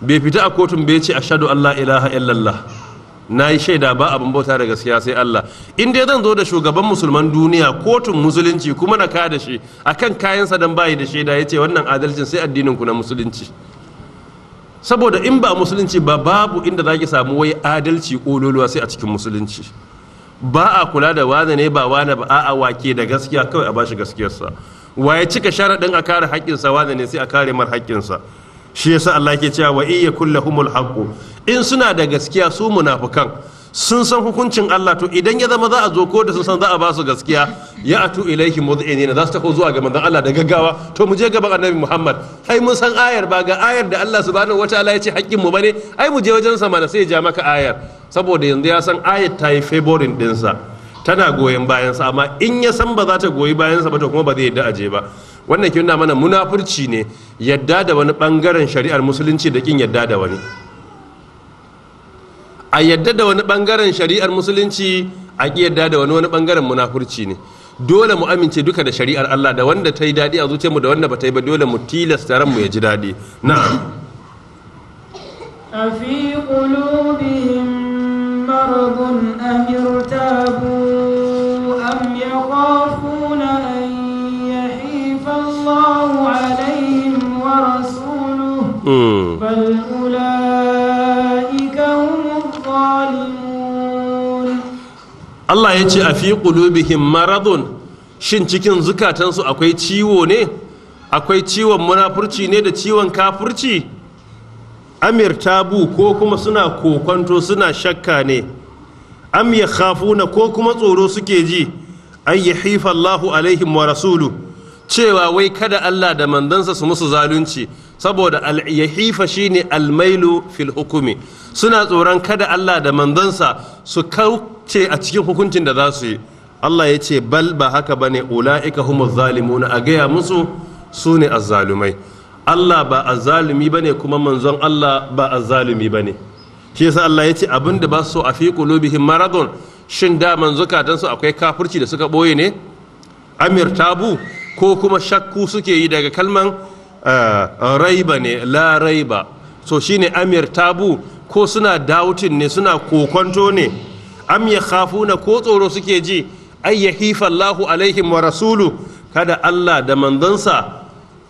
bai fita a kotun bai ce shadu allah ilaha illallah na yi shaida ba abin bauta da gaskiya sai Allah in dai zan zo da shugaban musulman duniya kotun musulunci kuma na kada shi akan kayansa dan bayi da shaida ya ce wannan adalcin sai addinin ku na musulunci saboda in ba musulunci ba babu inda zaki samu wai adalci ololuwa sai a cikin musulunci ba a kula da wane ne ba wane ba a'a wake da gaskiya kawai a bashi gaskiyarsa Wa ya cika sharaɗin a kare haƙƙinsa wane ne sai a kare mar haƙƙinsa shi yasa Allah ke cewa ya iya humul haqqu in suna da gaskiya su munafukan sun san hukuncin Allah to idan ya zama za a zo ko da sun san za a ba su gaskiya ya atu ilaihi mudhinin za su tafi zuwa ga manzon Allah da gaggawa to mu je gaban annabi Muhammad ai mun san ayar ba ga ayar da Allah subhanahu wataala ya ce haƙƙin mu ne? ai mu je wajen sa mana sai ya ja maka ayar saboda yanzu ya san ayar ta yi favorin dinsa tana goyon bayansa amma in ya san ba za ta goyi bayansa ba to kuma ba zai yadda aje ba wannan ke nuna mana munafurci ne yadda da wani bangaren shari'ar musulunci da kin yadda da wani a yadda da wani bangaren shari'ar musulunci a ki yadda da wani wani bangaren munafurci ne dole mu amince duka da shari'ar Allah da wanda ta yi daɗi a zuciyarmu da wanda ba ta yi ba dole mu tilasta ranmu ya ji daɗi na'am أفي قلوبهم مرض أم ارتابوا allah أولئك هم الظالمون الله يجي أفي shin cikin zukatansu akwai ciwo ne akwai ciwon munafurci ne da ciwon kafurci amir bu ko kuma suna kokonto suna shakka ne Amir ya khafuna ko kuma tsoro suke ji an yi hifa Allahu alaihim wa cewa wai kada Allah da mandansa su musu zalunci saboda al shi shine almailu fil hukumi suna tsoron kada Allah da mandansa su kauce a cikin hukuncin da za su yi Allah ya ce bal ba haka ba ne ula'ika humuz na a gaya musu su ne azzalumai Allah ba azzalumi bane kuma manzon Allah ba azzalumi bane shi yasa Allah ya ce da ba su so a fi qulubihim maradon, shin da don su akwai kafurci da suka ɓoye ne amir tabu ko kuma shakku suke yi daga kalman eh, raiba ne la raiba so shine amir tabu ko suna dautin ne suna kokonto ne am ya na ko tsoro suke ji ay yahifa alaihim wa rasulu kada Allah da manzansa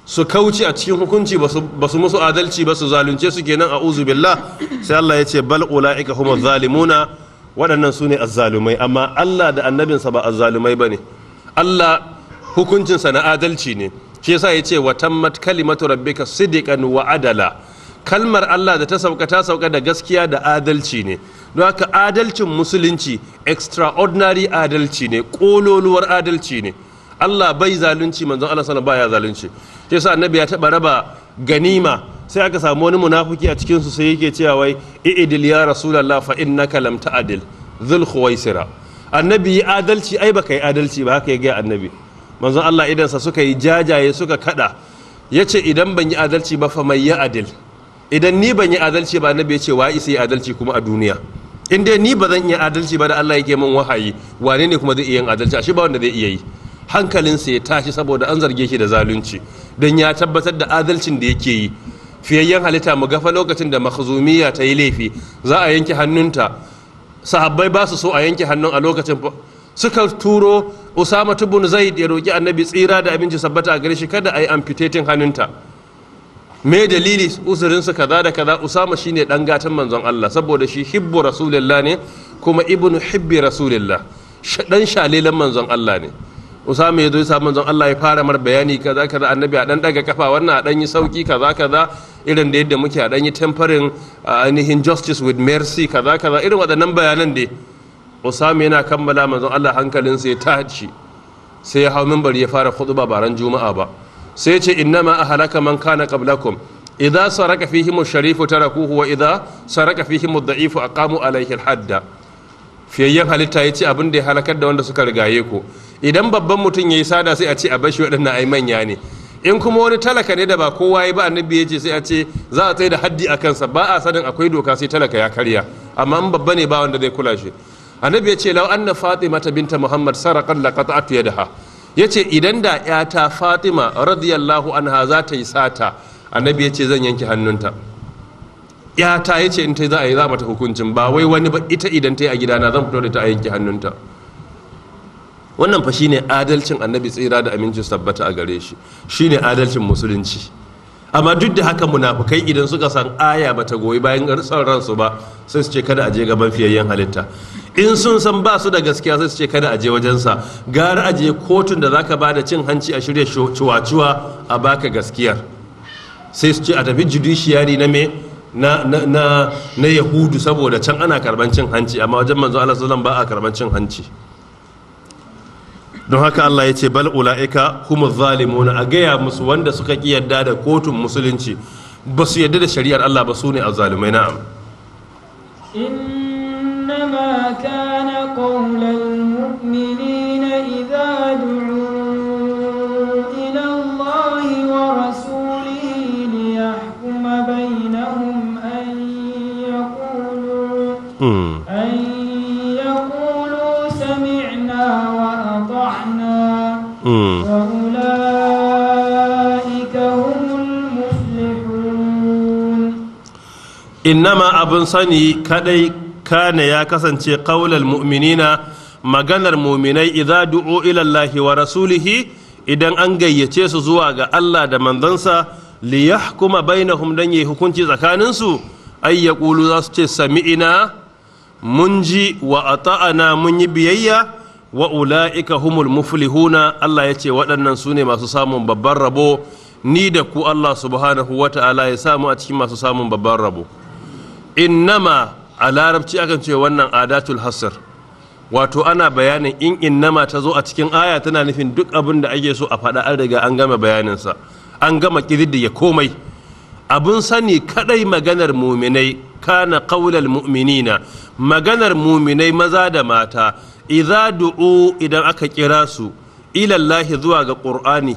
su kauci a cikin hukunci ba su musu adalci ba su zalunce su nan a uzu billah sai Allah ya ce bal ula'ika humu zalimuna waɗannan su ne azzalumai amma Allah da annabinsa ba azzalumai ba ne Allah hukuncinsa na adalci ne shi yasa ya ce wa tammat kalimatu rabbika sidiqan wa adala kalmar Allah da ta sauka ta sauka da gaskiya da adalci ne don haka adalcin musulunci extraordinary adalci ne kololuwar adalci ne Allah bai zalunci manzon Allah sana baya zalunci shi yasa annabi ya taba raba ganima sai aka samu wani munafiki a cikin su sai yake cewa wai i'dil ya rasulullah fa innaka lam ta'dil dhul khuwaisira annabi adalci ai baka yi adalci ba haka ya ga annabi manzo Allah idansa suka yi jajaye suka kada yace idan ban yi adalci ba fa mai ya adil idan ni ban yi adalci ba annabi yace wa isa yi adalci kuma a duniya in dai ni ba zan iya adalci ba da Allah yake min wahayi wane ne kuma zai iya yin adalci ashe ba wanda zai iya yi hankalinsa ya tashi saboda an zarge shi da zalunci dan ya tabbatar da adalcin da yake yi fiyayyen halitta mu gafa lokacin da makhzumiya ta yi laifi za a yanke hannunta sahabbai ba su so a yanke hannun a lokacin suka turo usama tubun zai ya roƙi annabi tsira da abinci sabbata a gare shi kada a yi amputating hannunta me dalili uzurin su kaza da kaza usama shine dan gatan manzon Allah saboda shi hibbu rasulillah ne kuma ibnu hibbi rasulillah dan shalelan manzon Allah ne usama ya zo ya samu manzon Allah ya fara mar bayani kaza kaza annabi a dan daga kafa wannan a dan yi sauki kaza kaza irin da yadda muke a dan yi tempering anihin justice with mercy kaza kaza irin waɗannan bayanan dai usama yana kammala manzon Allah hankalin hankalinsa ya tashi sai ya hau minbar ya fara khutba baran juma'a ba sai ce ma ahlaka man kana qablakum idza saraka fihim ash-sharifu tarakuhu wa idza saraka fihim ad-da'ifu aqamu alayhi al-hadda fiyayyen halitta ya ce abin da ya halakar da wanda suka rigaye ku idan babban mutum ya yi sada sai a ce a bashi waɗannan ai manya ne in kuma wani talaka ne da ba kowa ya ba annabi ya ce sai a ce za a tsaye da haddi a kansa ba a sanin akwai doka sai talaka ya karya amma in babba ne ba wanda zai kula shi annabi ya ce lau anna fatima ta binta muhammad sarakan la ha. yadaha yace idan da yata fatima radiyallahu anha za ta yi sata annabi ya ce zan yanke hannunta yata yace in ta za a yi za mata hukuncin ba wai wani ba ita idan ta yi a gidana zan fito da ta a yanke hannunta wannan fa ne adalcin annabi tsira da amincin sabbata a gare shi shine adalcin musulunci amma duk da haka munafukai idan suka san aya bata goyi bayan ransu ba sai su ce kada a je gaban fiyayyen halitta in sun san ba su da gaskiya sai su ce kada a je wajensa gara a je kotun da zaka ba da cin hanci a shirya cuwa-cuwa a baka gaskiyar sai su ce a tafi judiciary na me na na na yahudu saboda can ana karban cin hanci amma wajen manzo Allah sallallahu ba a karban cin hanci don haka Allah ya ce bal ulaika humu zalimuna a gaya musu wanda suka ki yadda da kotun musulunci ba su yadda da shari'ar Allah ba su ne azzalumai na'am وما كان قول المؤمنين إذا دعوا إلى الله ورسوله ليحكم بينهم أن يقولوا أن يقولوا سمعنا وأطعنا فأولئك هم المفلحون إنما أبن صني كدي kana ya kasance ƙaular mu'minina maganar mu'minai idza du'u ila Allahi wa rasulihi idan an gayyace su zuwa ga Allah da manzansa li yahkuma bainahum dan yi hukunci tsakaninsu, su ay yaqulu za su ce sami'ina mun ji wa ata'ana mun yi biyayya wa ula'ika humul muflihuna Allah ya ce waɗannan su ne masu samun babban rabo ni da ku Allah subhanahu wa ta'ala ya samu a cikin masu samun babban rabo innama a larabci akan ce wannan adatul hasr wato ana bayanin in innama ta zo a cikin aya tana nufin duk abin da ake so a faɗa an riga an gama bayanin sa. an gama ya komai Abun sani kadai maganar muminai kana qaulal mu'minina maganar muminai maza da mata idza du'u idan aka kira su ilallahi zuwa ga qur'ani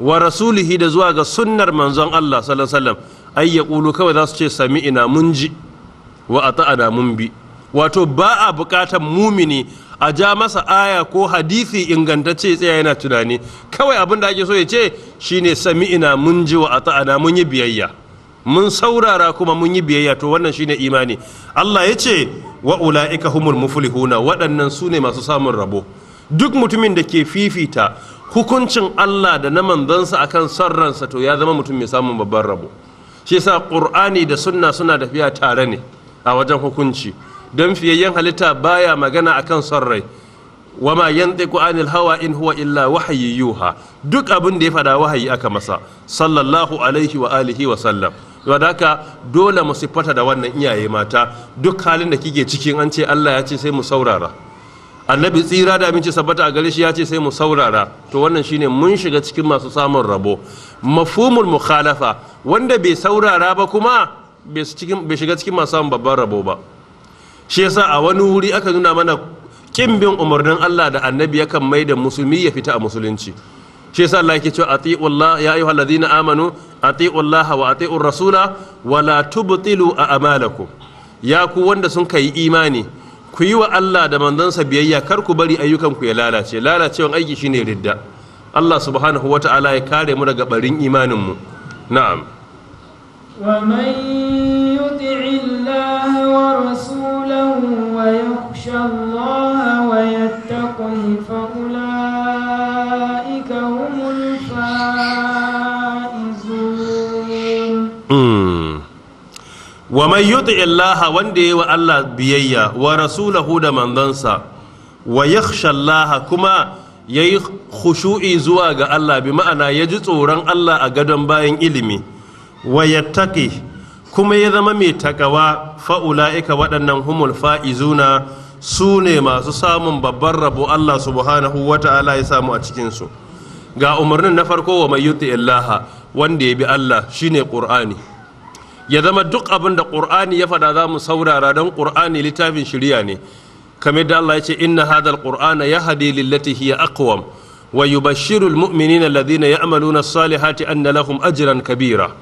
wa rasulihi da zuwa ga sunnar manzon Allah sallallahu alaihi wasallam ay kawai za su ce sami'ina mun ji wa ta'ada mun bi wato ba a buƙatar mumini a ja masa aya ko hadisi ingantacce tsaya yana tunani kawai abin da ake so ya ce shine ina mun ji wa ta'ada mun yi biyayya mun saurara kuma mun yi biyayya to wannan shine imani Allah ya ce wa ula'ika humul muflihuna waɗannan su ne masu samun rabo duk mutumin da ke fifita hukuncin Allah da na manzansa akan son ransa to ya zama mutum mai samun babban rabo shi yasa qur'ani da sunna suna tafiya tare ne a wajen hukunci don fiyayyen halitta baya magana akan son rai wa wama yantiqu anil hawa in huwa illa wahayi yuha duk abin da ya fada wahayi aka masa sallallahu alaihi wa alihi wa sallam wadaka dole mu siffata da wannan iyaye mata duk halin da kike cikin an ce Allah ya ce sai mu saurara annabi tsira da abinci sabbata a gare shi ya ce sai mu saurara to wannan shine mun shiga cikin masu samun rabo mafhumul mukhalafa wanda bai saurara ba kuma bai shiga cikin masu samun babban rabo ba shi yasa a wani wuri aka nuna mana kin bin umarnin Allah da annabi yakan mai da musulmi ya fita a musulunci shi yasa Allah yake cewa ati'u Allah ya ayyuhal alladhina amanu ati'u Allah wa ati'u rasula wa la tubtilu a'malakum ya ku wanda sun kai imani ku yi wa Allah da manzansa biyayya kar ku bari ayyukan ku ya lalace lalacewan aiki shine ridda Allah subhanahu wata'ala ya kare mu daga barin imanin mu na'am ومن يطع الله ورسوله ويخشى الله ويتقه فأولئك هم الفائزون ومن يطع الله وندي والله بيي ورسوله ده منزنسا ويخشى الله كما yayi khushu'i zuwa ga Allah bi ma'ana ya ji tsoron Allah a gadon bayan ilimi wa kuma ya zama mai takawa fa'ula'ika waɗannan humul fa'izuna su ne masu samun babban rabo Allah subhanahu wa ta'ala ya samu a cikinsu ga umarnin na farko wa mai yuti illaha wanda ya bi Allah shine ƙur'ani ya zama duk abin da ƙur'ani ya faɗa za mu saurara don ƙur'ani littafin shirya ne kame da Allah ya ce inna hadal ƙur'ana ya hadi lillati hiya aqwam wa yubashshiru almu'minina alladhina ya'maluna na salihati anna lahum ajiran kabira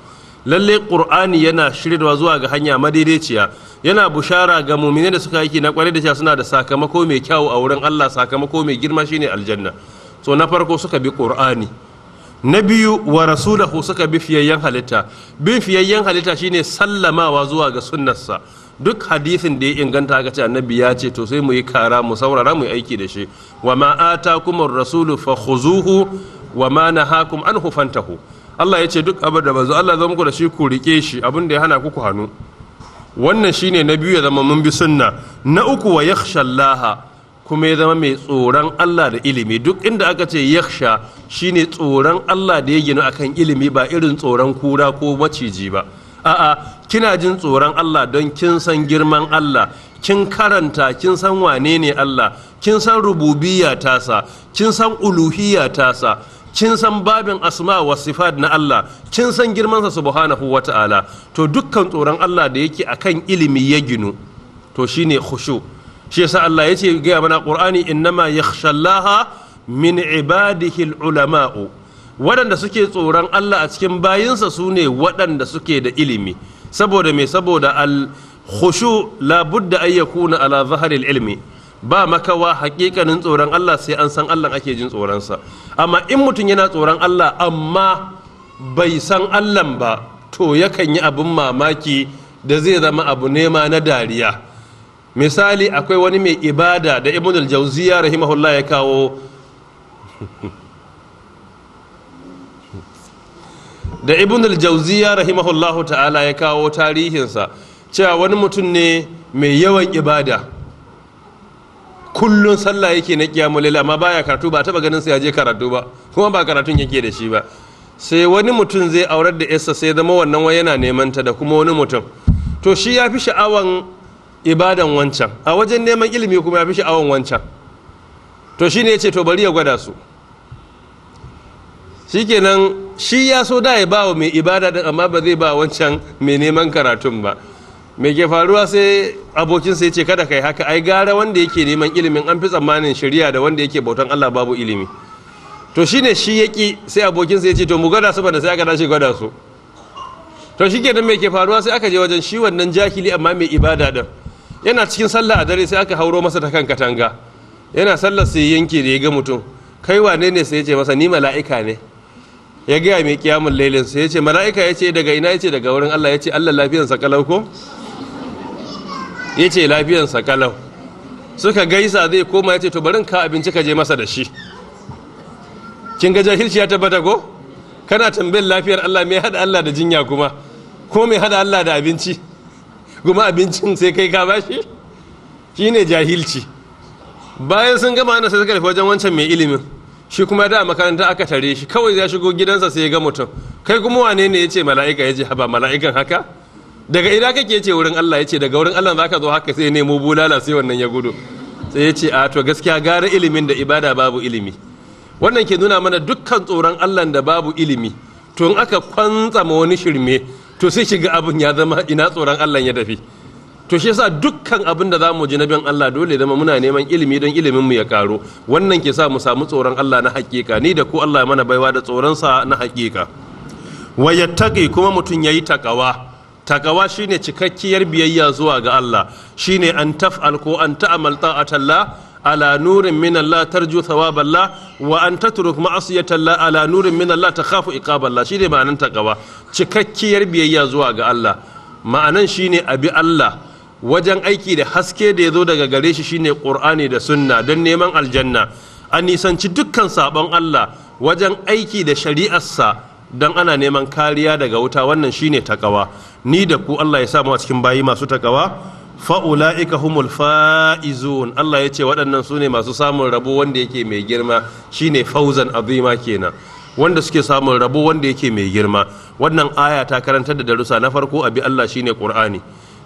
lalle qur'ani yana shiryarwa zuwa ga hanya madaidaiciya yana bushara ga mu'mine da suka yake na kwarai da cewa suna da sakamako mai kyau a wurin Allah sakamako mai girma shine aljanna so na farko suka bi qur'ani Nabiyu biyu wa rasulahu suka bi fiyayyen halitta bin fiyayyen halitta shine sallamawa zuwa ga sunnarsa duk hadisin da ya inganta aka ce annabi ya ce to sai mu yi kara mu saurara mu yi aiki da shi wa ma atakumur rasulu fakhuzuhu wa ma nahakum anhu fantahu Allah ya ce duk abin da ba zo, Allah zama muku da shi ku rike shi abin da ya hana ku ku hannu wannan shine na biyu ya zama mun bi sunna na uku wa Allah kuma ya zama mai tsoron Allah da ilimi duk inda aka ce yakhsha shine tsoron Allah da ya gina akan ilimi ba irin tsoron kura ko maciji ba a'a kina jin tsoron Allah don kin san girman Allah kin karanta kin san wane ne Allah kin san rububiyya tasa kin san uluhiyya tasa kin san babin asma wa sifat na Allah kin san girmansa subhanahu ta'ala to dukkan tsoron Allah da yake akan ilimi ya ginu to shine khushu shi yasa Allah yace ga mana Qur'ani innama yakhshallaha min ibadihi ulama'u waɗanda suke tsoron Allah a cikin bayinsa su ne waɗanda suke da ilimi saboda me saboda al khushu la budda ala zahril ilmi ba makawa hakikanin tsoron Allah sai an san Allah ake jin tsoronsa amma in mutum yana tsoron Allah amma bai san Allah ba to yakan yi abin mamaki da zai zama abu nema na dariya misali akwai wani mai ibada da ibn al-jawziya rahimahullah ya kawo *laughs* da ibn al-jawziya rahimahullah ta'ala ya kawo tarihinsa cewa wani mutum ne mai yawan ibada kullun sallah yake na kiyamu lail amma baya karatu ba taba ganin sa ya je karatu ba kuma ba karatun yake da shi ba sai wani mutum zai aurar da yarsa sai zama wannan wai yana neman ta da kuma wani mutum to shi ya fi sha'awan ibadan wancan a wajen neman ilimi kuma ya fi sha'awan wancan to shi ne ya ce to bari ya gwada su shikenan shi ya so da ya ba wa mai ibada din amma ba zai ba wancan mai neman karatun ba Mai ke faruwa sai abokinsa ya ce kada kai haka ai gara wanda yake neman ilimin an fi tsammanin shari'a da wanda yake bautan Allah babu ilimi to shine shi yaki sai abokinsa ya ce to mu gwada su bana sai aka dace gwada su to shi kenan me ke faruwa sai aka je wajen shi wannan jahili amma mai ibada din yana cikin sallah a dare sai aka hauro masa ta kan katanga yana sallar sai yanke da ya ga mutum kai wane ne sai ya ce masa ni mala'ika ne ya gaya mai kiyamun lailin sai ya ce mala'ika ya ce daga ina ya ce daga wurin Allah ya ce Allah lafiyansa kalau ko ya ce lafiyansa kalau suka gaisa zai koma ya ce to barin ka abinci ka je masa da shi kin ga jahilci ya tabbata ko kana tambayar lafiyar Allah mai hada Allah da jinya kuma ko mai hada Allah da abinci kuma abincin sai kai ka bashi ne jahilci bayan sun gama nan sai suka rufe wajen wancan mai ilimin shi kuma da makaranta aka tare shi kawai ya shigo gidansa sai ya ga mutum kai kuma wane ne ya ce mala'ika ya je haba mala'ikan haka daga ina kake ce wurin Allah ya ce daga wurin Allah zaka zo haka sai nemo bulala sai wannan ya gudu sai ya ce a to gaskiya gara ilimin da ibada babu ilimi wannan ke nuna mana dukkan tsoron Allah da babu ilimi to in aka kwantsa ma wani shirme to sai shiga abin ya zama ina tsoron Allah ya tafi to shi yasa dukkan abin da zamu ji na bin Allah dole zama muna neman ilimi don ilimin mu ya karo wannan ke sa mu samu tsoron Allah na hakika ni da ku Allah mana baiwa da tsoron sa na hakika wa yattaqi kuma mutun yayi takawa takawa shine cikakkiyar biyayya zuwa ga Allah shine an taf'al ko an ta'amal talla, ala nurin min Allah tarju thawaballah wa an tatruk ma'asiyatallah ala nurin min Allah takhafu iqaballah shine ma'anan takawa cikakkiyar biyayya zuwa ga Allah ma'anan shine abi Allah wajen aiki da haske da ya zo daga gare shi shine Qur'ani da sunna don neman aljanna an nisanci dukkan sabon Allah wajen aiki da shari'arsa Don ana neman kariya daga wuta wannan shine takawa ni da ku Allah ya sa mu a cikin bayi masu takawa fa'ula'ika humul fa'izun Allah ya ce waɗannan su ne masu samun rabo wanda yake mai girma shine fauzan azima kenan wanda suke samun rabo wanda yake mai girma wannan aya ta karanta da darusa. na farko abi Allah shine Qur'ani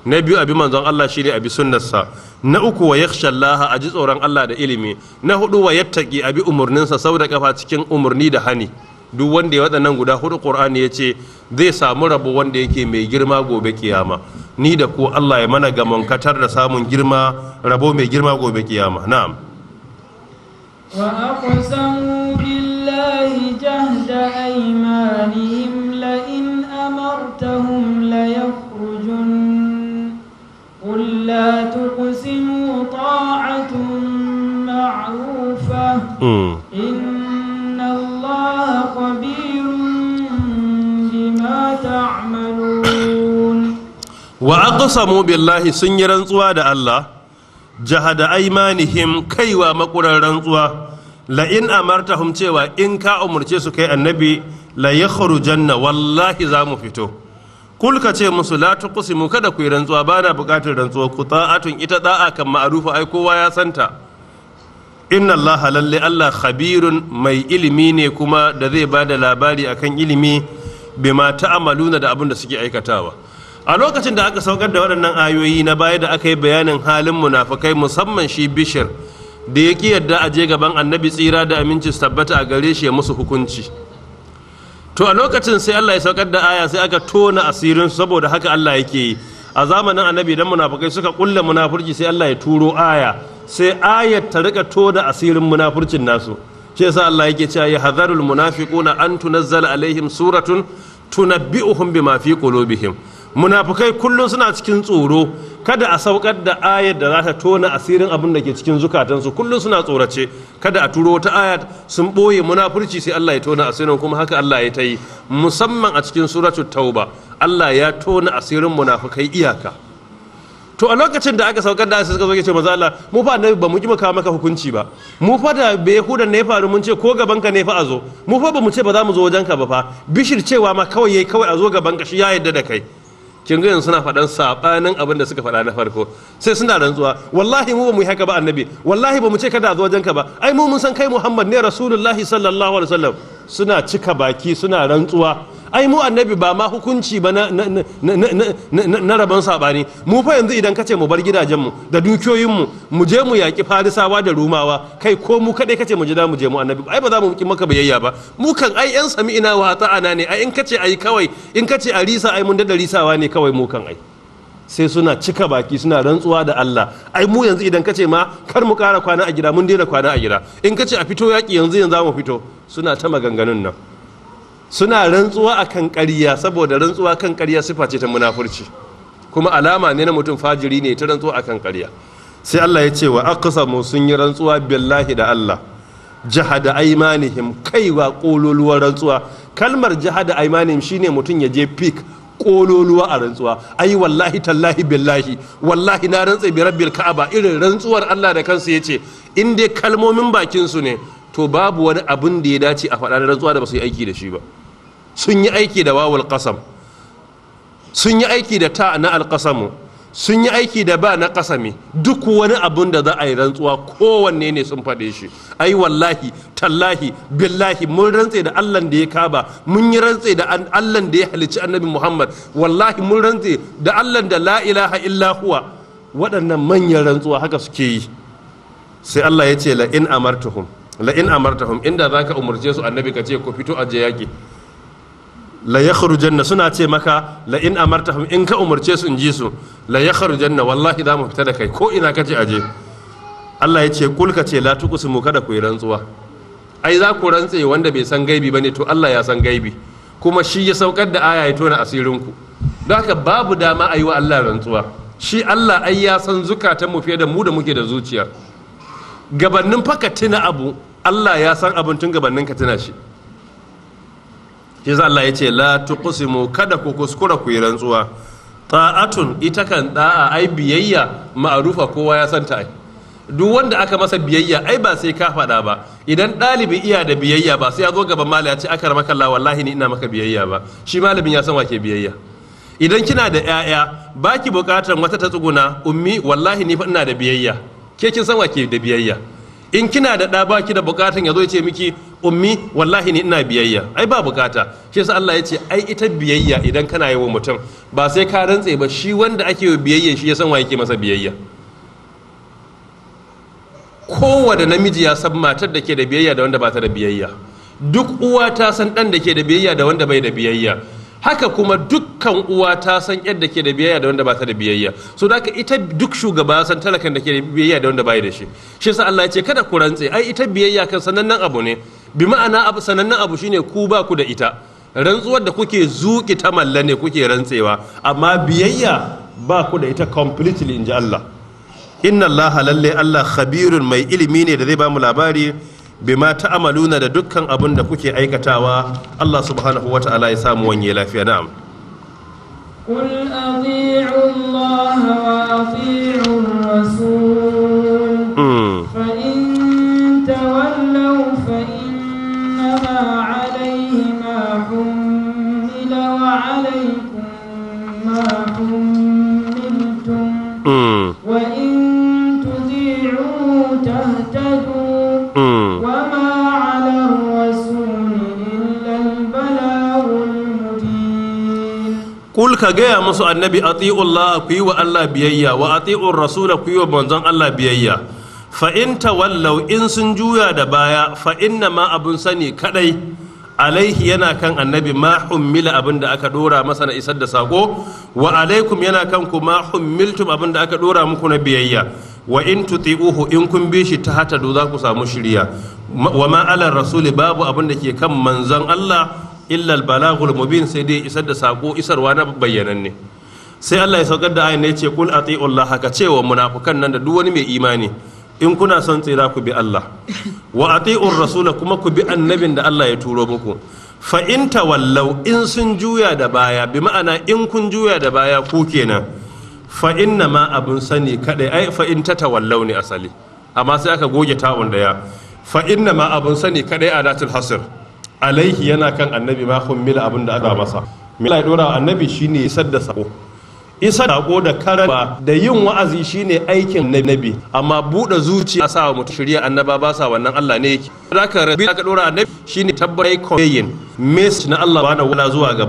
na biyu abi manzon Allah shine abi sunnarsa na uku wa ya shallaha a ji tsoron Allah da ilimi na hudu wa yattaqi abi umurninsa sau da kafa cikin umarni da hani duk wanda ya waɗannan guda hudu ƙur'ani ya ce zai samu rabo wanda yake mai girma gobe kiyama ni da ku Allah ya mana gamon katar da samun girma rabo mai girma gobe kiyama na'am wa aqsamu billahi jahda aqsamu billahi sun yi rantsuwa da Allah jahada aimanihim kaiwa makurar rantsuwa la in amartahum cewa in ka umurce su kai annabi la yakhrujanna wallahi za mu fito kul ka ce musu la tuqsimu kada ku yi rantsuwa ba na bukatar rantsuwa ku ta'atun ita da'a kan ma'rufa ai kowa ya santa inna Allah lalle Allah khabirun mai ilimi ne kuma da zai bada labari akan ilimi bima ta'amaluna da abin da suke aikatawa a lokacin da aka saukar da waɗannan ayoyi na baya da aka yi bayanin halin munafukai musamman shi bishir da ya ki yadda a je gaban annabi tsira da aminci tabbata a gare shi ya musu hukunci to a lokacin sai Allah ya saukar da aya sai aka tona asirin saboda haka Allah yake yi a zamanin annabi idan munafukai suka kulla munafurci sai Allah ya turo aya sai ayat ta rika tona asirin munafurcin nasu shi yasa Allah yake cewa ya hadharul munafiquna an tunazzala alaihim suratun tunabbi'uhum bima fi qulubihim munafukai kullum suna cikin tsoro kada a saukar da ayar da za ta tona asirin abin da ke cikin zukatansu kullum suna tsorace kada a turo wata ayar sun boye munafurci sai Allah ya tona asirin kuma haka Allah ya ta musamman a cikin suratu tauba Allah ya tona asirin munafukai iyaka to a lokacin da aka saukar da suka zo ce maza Allah mu fa annabi ba mu ki maka maka hukunci ba mu fa da be hudan ne faru mun ce ko gaban ka ne fa a zo mu fa ba mu ce ba za mu zo wajen ka ba fa bishir cewa ma kawai yayi kawai a zo gaban ka shi ya yadda da kai kin ga suna faɗan sabanin abin da suka faɗa na farko sai suna rantsuwa wallahi mu ba mu yi haka ba annabi wallahi ba mu ce kada a zo ka ba ai mu mun san kai muhammad ne rasulullahi sallallahu alaihi wasallam suna cika baki suna rantsuwa ai mu annabi ba ma hukunci ba na rabon sabani mu fa yanzu idan kace mu bar gidajenmu da dukiyoyinmu mu je mu yaƙi farisawa da rumawa kai ko mu kaɗai kace mu ji mu je mu annabi ai ba za mu maka biyayya ba mu kan ai yan sami ina wa ta'ana ne ai in kace ai kawai in kace a risa ai mun da risawa ne kawai mu kan ai sai suna cika baki suna rantsuwa da Allah ai mu yanzu idan kace ma kar mu kara kwana a gida mun daina kwana a gida in kace a fito yaƙi yanzu yanzu za mu fito suna ta maganganun nan suna rantsuwa a kan ƙarya saboda rantsuwa kan ƙarya sifa ce ta munafurci kuma alama ne na mutum fajiri ne ta rantsuwa a kan ƙarya sai Allah ya ce wa aqsamu sun yi rantsuwa billahi da Allah jahada aimanihim kaiwa kololuwar rantsuwa kalmar jahada aimanihim shine mutum ya je fik kololuwa a rantsuwa ai wallahi tallahi billahi wallahi na rantsa bi rabbil ka'aba irin rantsuwar Allah da kansa yace in dai kalmomin bakinsu ne to babu wani abin da ya dace a faɗa rantsuwa da ba su yi aiki da shi ba sun yi aiki da wawul qasam sun yi aiki da ta na alqasamu sun yi aiki da ba na kasami duk wani abun da za a yi rantsuwa kowanne ne sun faɗe shi ai wallahi tallahi billahi mun rantse da allah da ya kaba mun yi rantse da allah da ya halicci annabi muhammad wallahi mun rantse da allah da la ilaha illa huwa waɗannan manyan rantsuwa haka suke yi sai allah ya ce la in amartuhum la in amartahum inda zaka umarce su annabi ka ce ku fito a je yaki la yakhrujanna suna ce maka la in amartahum in ka umarce su in ji su la yakhrujanna wallahi za mu fita da kai ko ina kace aje Allah ya ce kul ka ce la mu kada ku yi rantsuwa ai za ku rantse wanda bai san gaibi bane to Allah ya san gaibi kuma shi ya saukar da aya ya tona asirin ku don haka babu dama a yi wa Allah rantsuwa shi Allah ai ya san zukatan mu fiye da mu da muke da zuciya Gabannin faka tuna abu Allah ya san abin tun gabanin ka tana shi shi za Allah ya ce la tuqsimu kada ku kuskura ku yi rantsuwa ta'atun ita kan da'a ai biyayya ma'arufa kowa ya san ta ai duk wanda aka masa biyayya ai ba sai ka faɗa ba idan ɗalibi iya da biyayya ba sai ya zo gaban malami ya ce aka maka Allah wallahi ni ina maka biyayya ba shi malamin ya san ke biyayya idan kina da 'ya'ya baki buƙatar wata ta tsuguna ummi wallahi ni fa ina da biyayya ke kin san wake da biyayya in kina da ɗa baki da bukatan ya zo ya ce miki ummi wallahi ni ina biyayya ai ba bukata shi yasa Allah ya ce ai ita biyayya idan kana yi wa mutum ba sai ka rantse ba shi wanda ake yi biyayya shi ya san wa yake masa biyayya kowane namiji ya san matar da ke da biyayya da wanda ba ta da biyayya duk uwa ta san ɗan da ke da biyayya da wanda bai da biyayya haka kuma dukkan uwa ta san yadda ke da biyayya da wanda ba ta da biyayya so da ita duk shugaba san talakan da ke da biyayya da wanda ba da shi shi sa Allah ya ce kada ku rantse ai ita biyayya kan sanannen abu ne bi ma'ana abu sanannen abu shine ku ba ku da ita rantsuwar da kuke zuki ta malla ne kuke rantsewa amma biyayya ba ku da ita completely inji Allah inna Allah lalle Allah khabirun mai ilimi ne da zai ba mu labari bima ta'amaluna da dukkan abin da kuke aikatawa Allah subhanahu wa ta'ala ya samu wanye lafiya na'am قل أطيعوا الله وأطيعوا الرسول فإن تولوا فإنما عليه ما حمل وعليكم ما حمل ka gaya musu annabi ati'ullah ku yi wa Allah biyayya wa ati'ur rasul ku yi wa manzon Allah biyayya fa in in sun juya da baya fa inna ma abun sani kadai alaihi yana kan annabi ma hummila abin da aka dora masa na isar da sako wa alaikum yana kan ku ma hummiltum abin da aka dora muku na biyayya wa in tuti'uhu in kun bi shi ta hata do za ku samu shirya wa ma alar rasuli babu abin da ke kan manzon Allah illal balagul mubin sai dai isar da sako isarwa na bayyananne sai Allah ya saukar da ayin ne ce kul ati'u Allah haka cewa munafukan nan da duk wani mai imani in kuna son tsira ku bi Allah wa ati'ur rasula kuma ku bi annabin da Allah ya turo muku fa in tawallau in sun juya da baya bi ma'ana in kun juya da baya ku kenan fa inna ma abun sani kadai ai fa in tatawallau ne asali amma sai aka goge tawon da ya fa inna ma abun sani kadai adatul hasr alaihi yana kan annabi ma mila abin da aka masa mila dora annabi shine isar da sako isar sako da karaba da yin wa'azi shine aikin annabi amma buɗe zuci a sa wa mutum shirya annaba ba sa wannan Allah ne yake zaka rabi aka dora annabi shine tabbai koyin mes na Allah bana wala zuwa gaba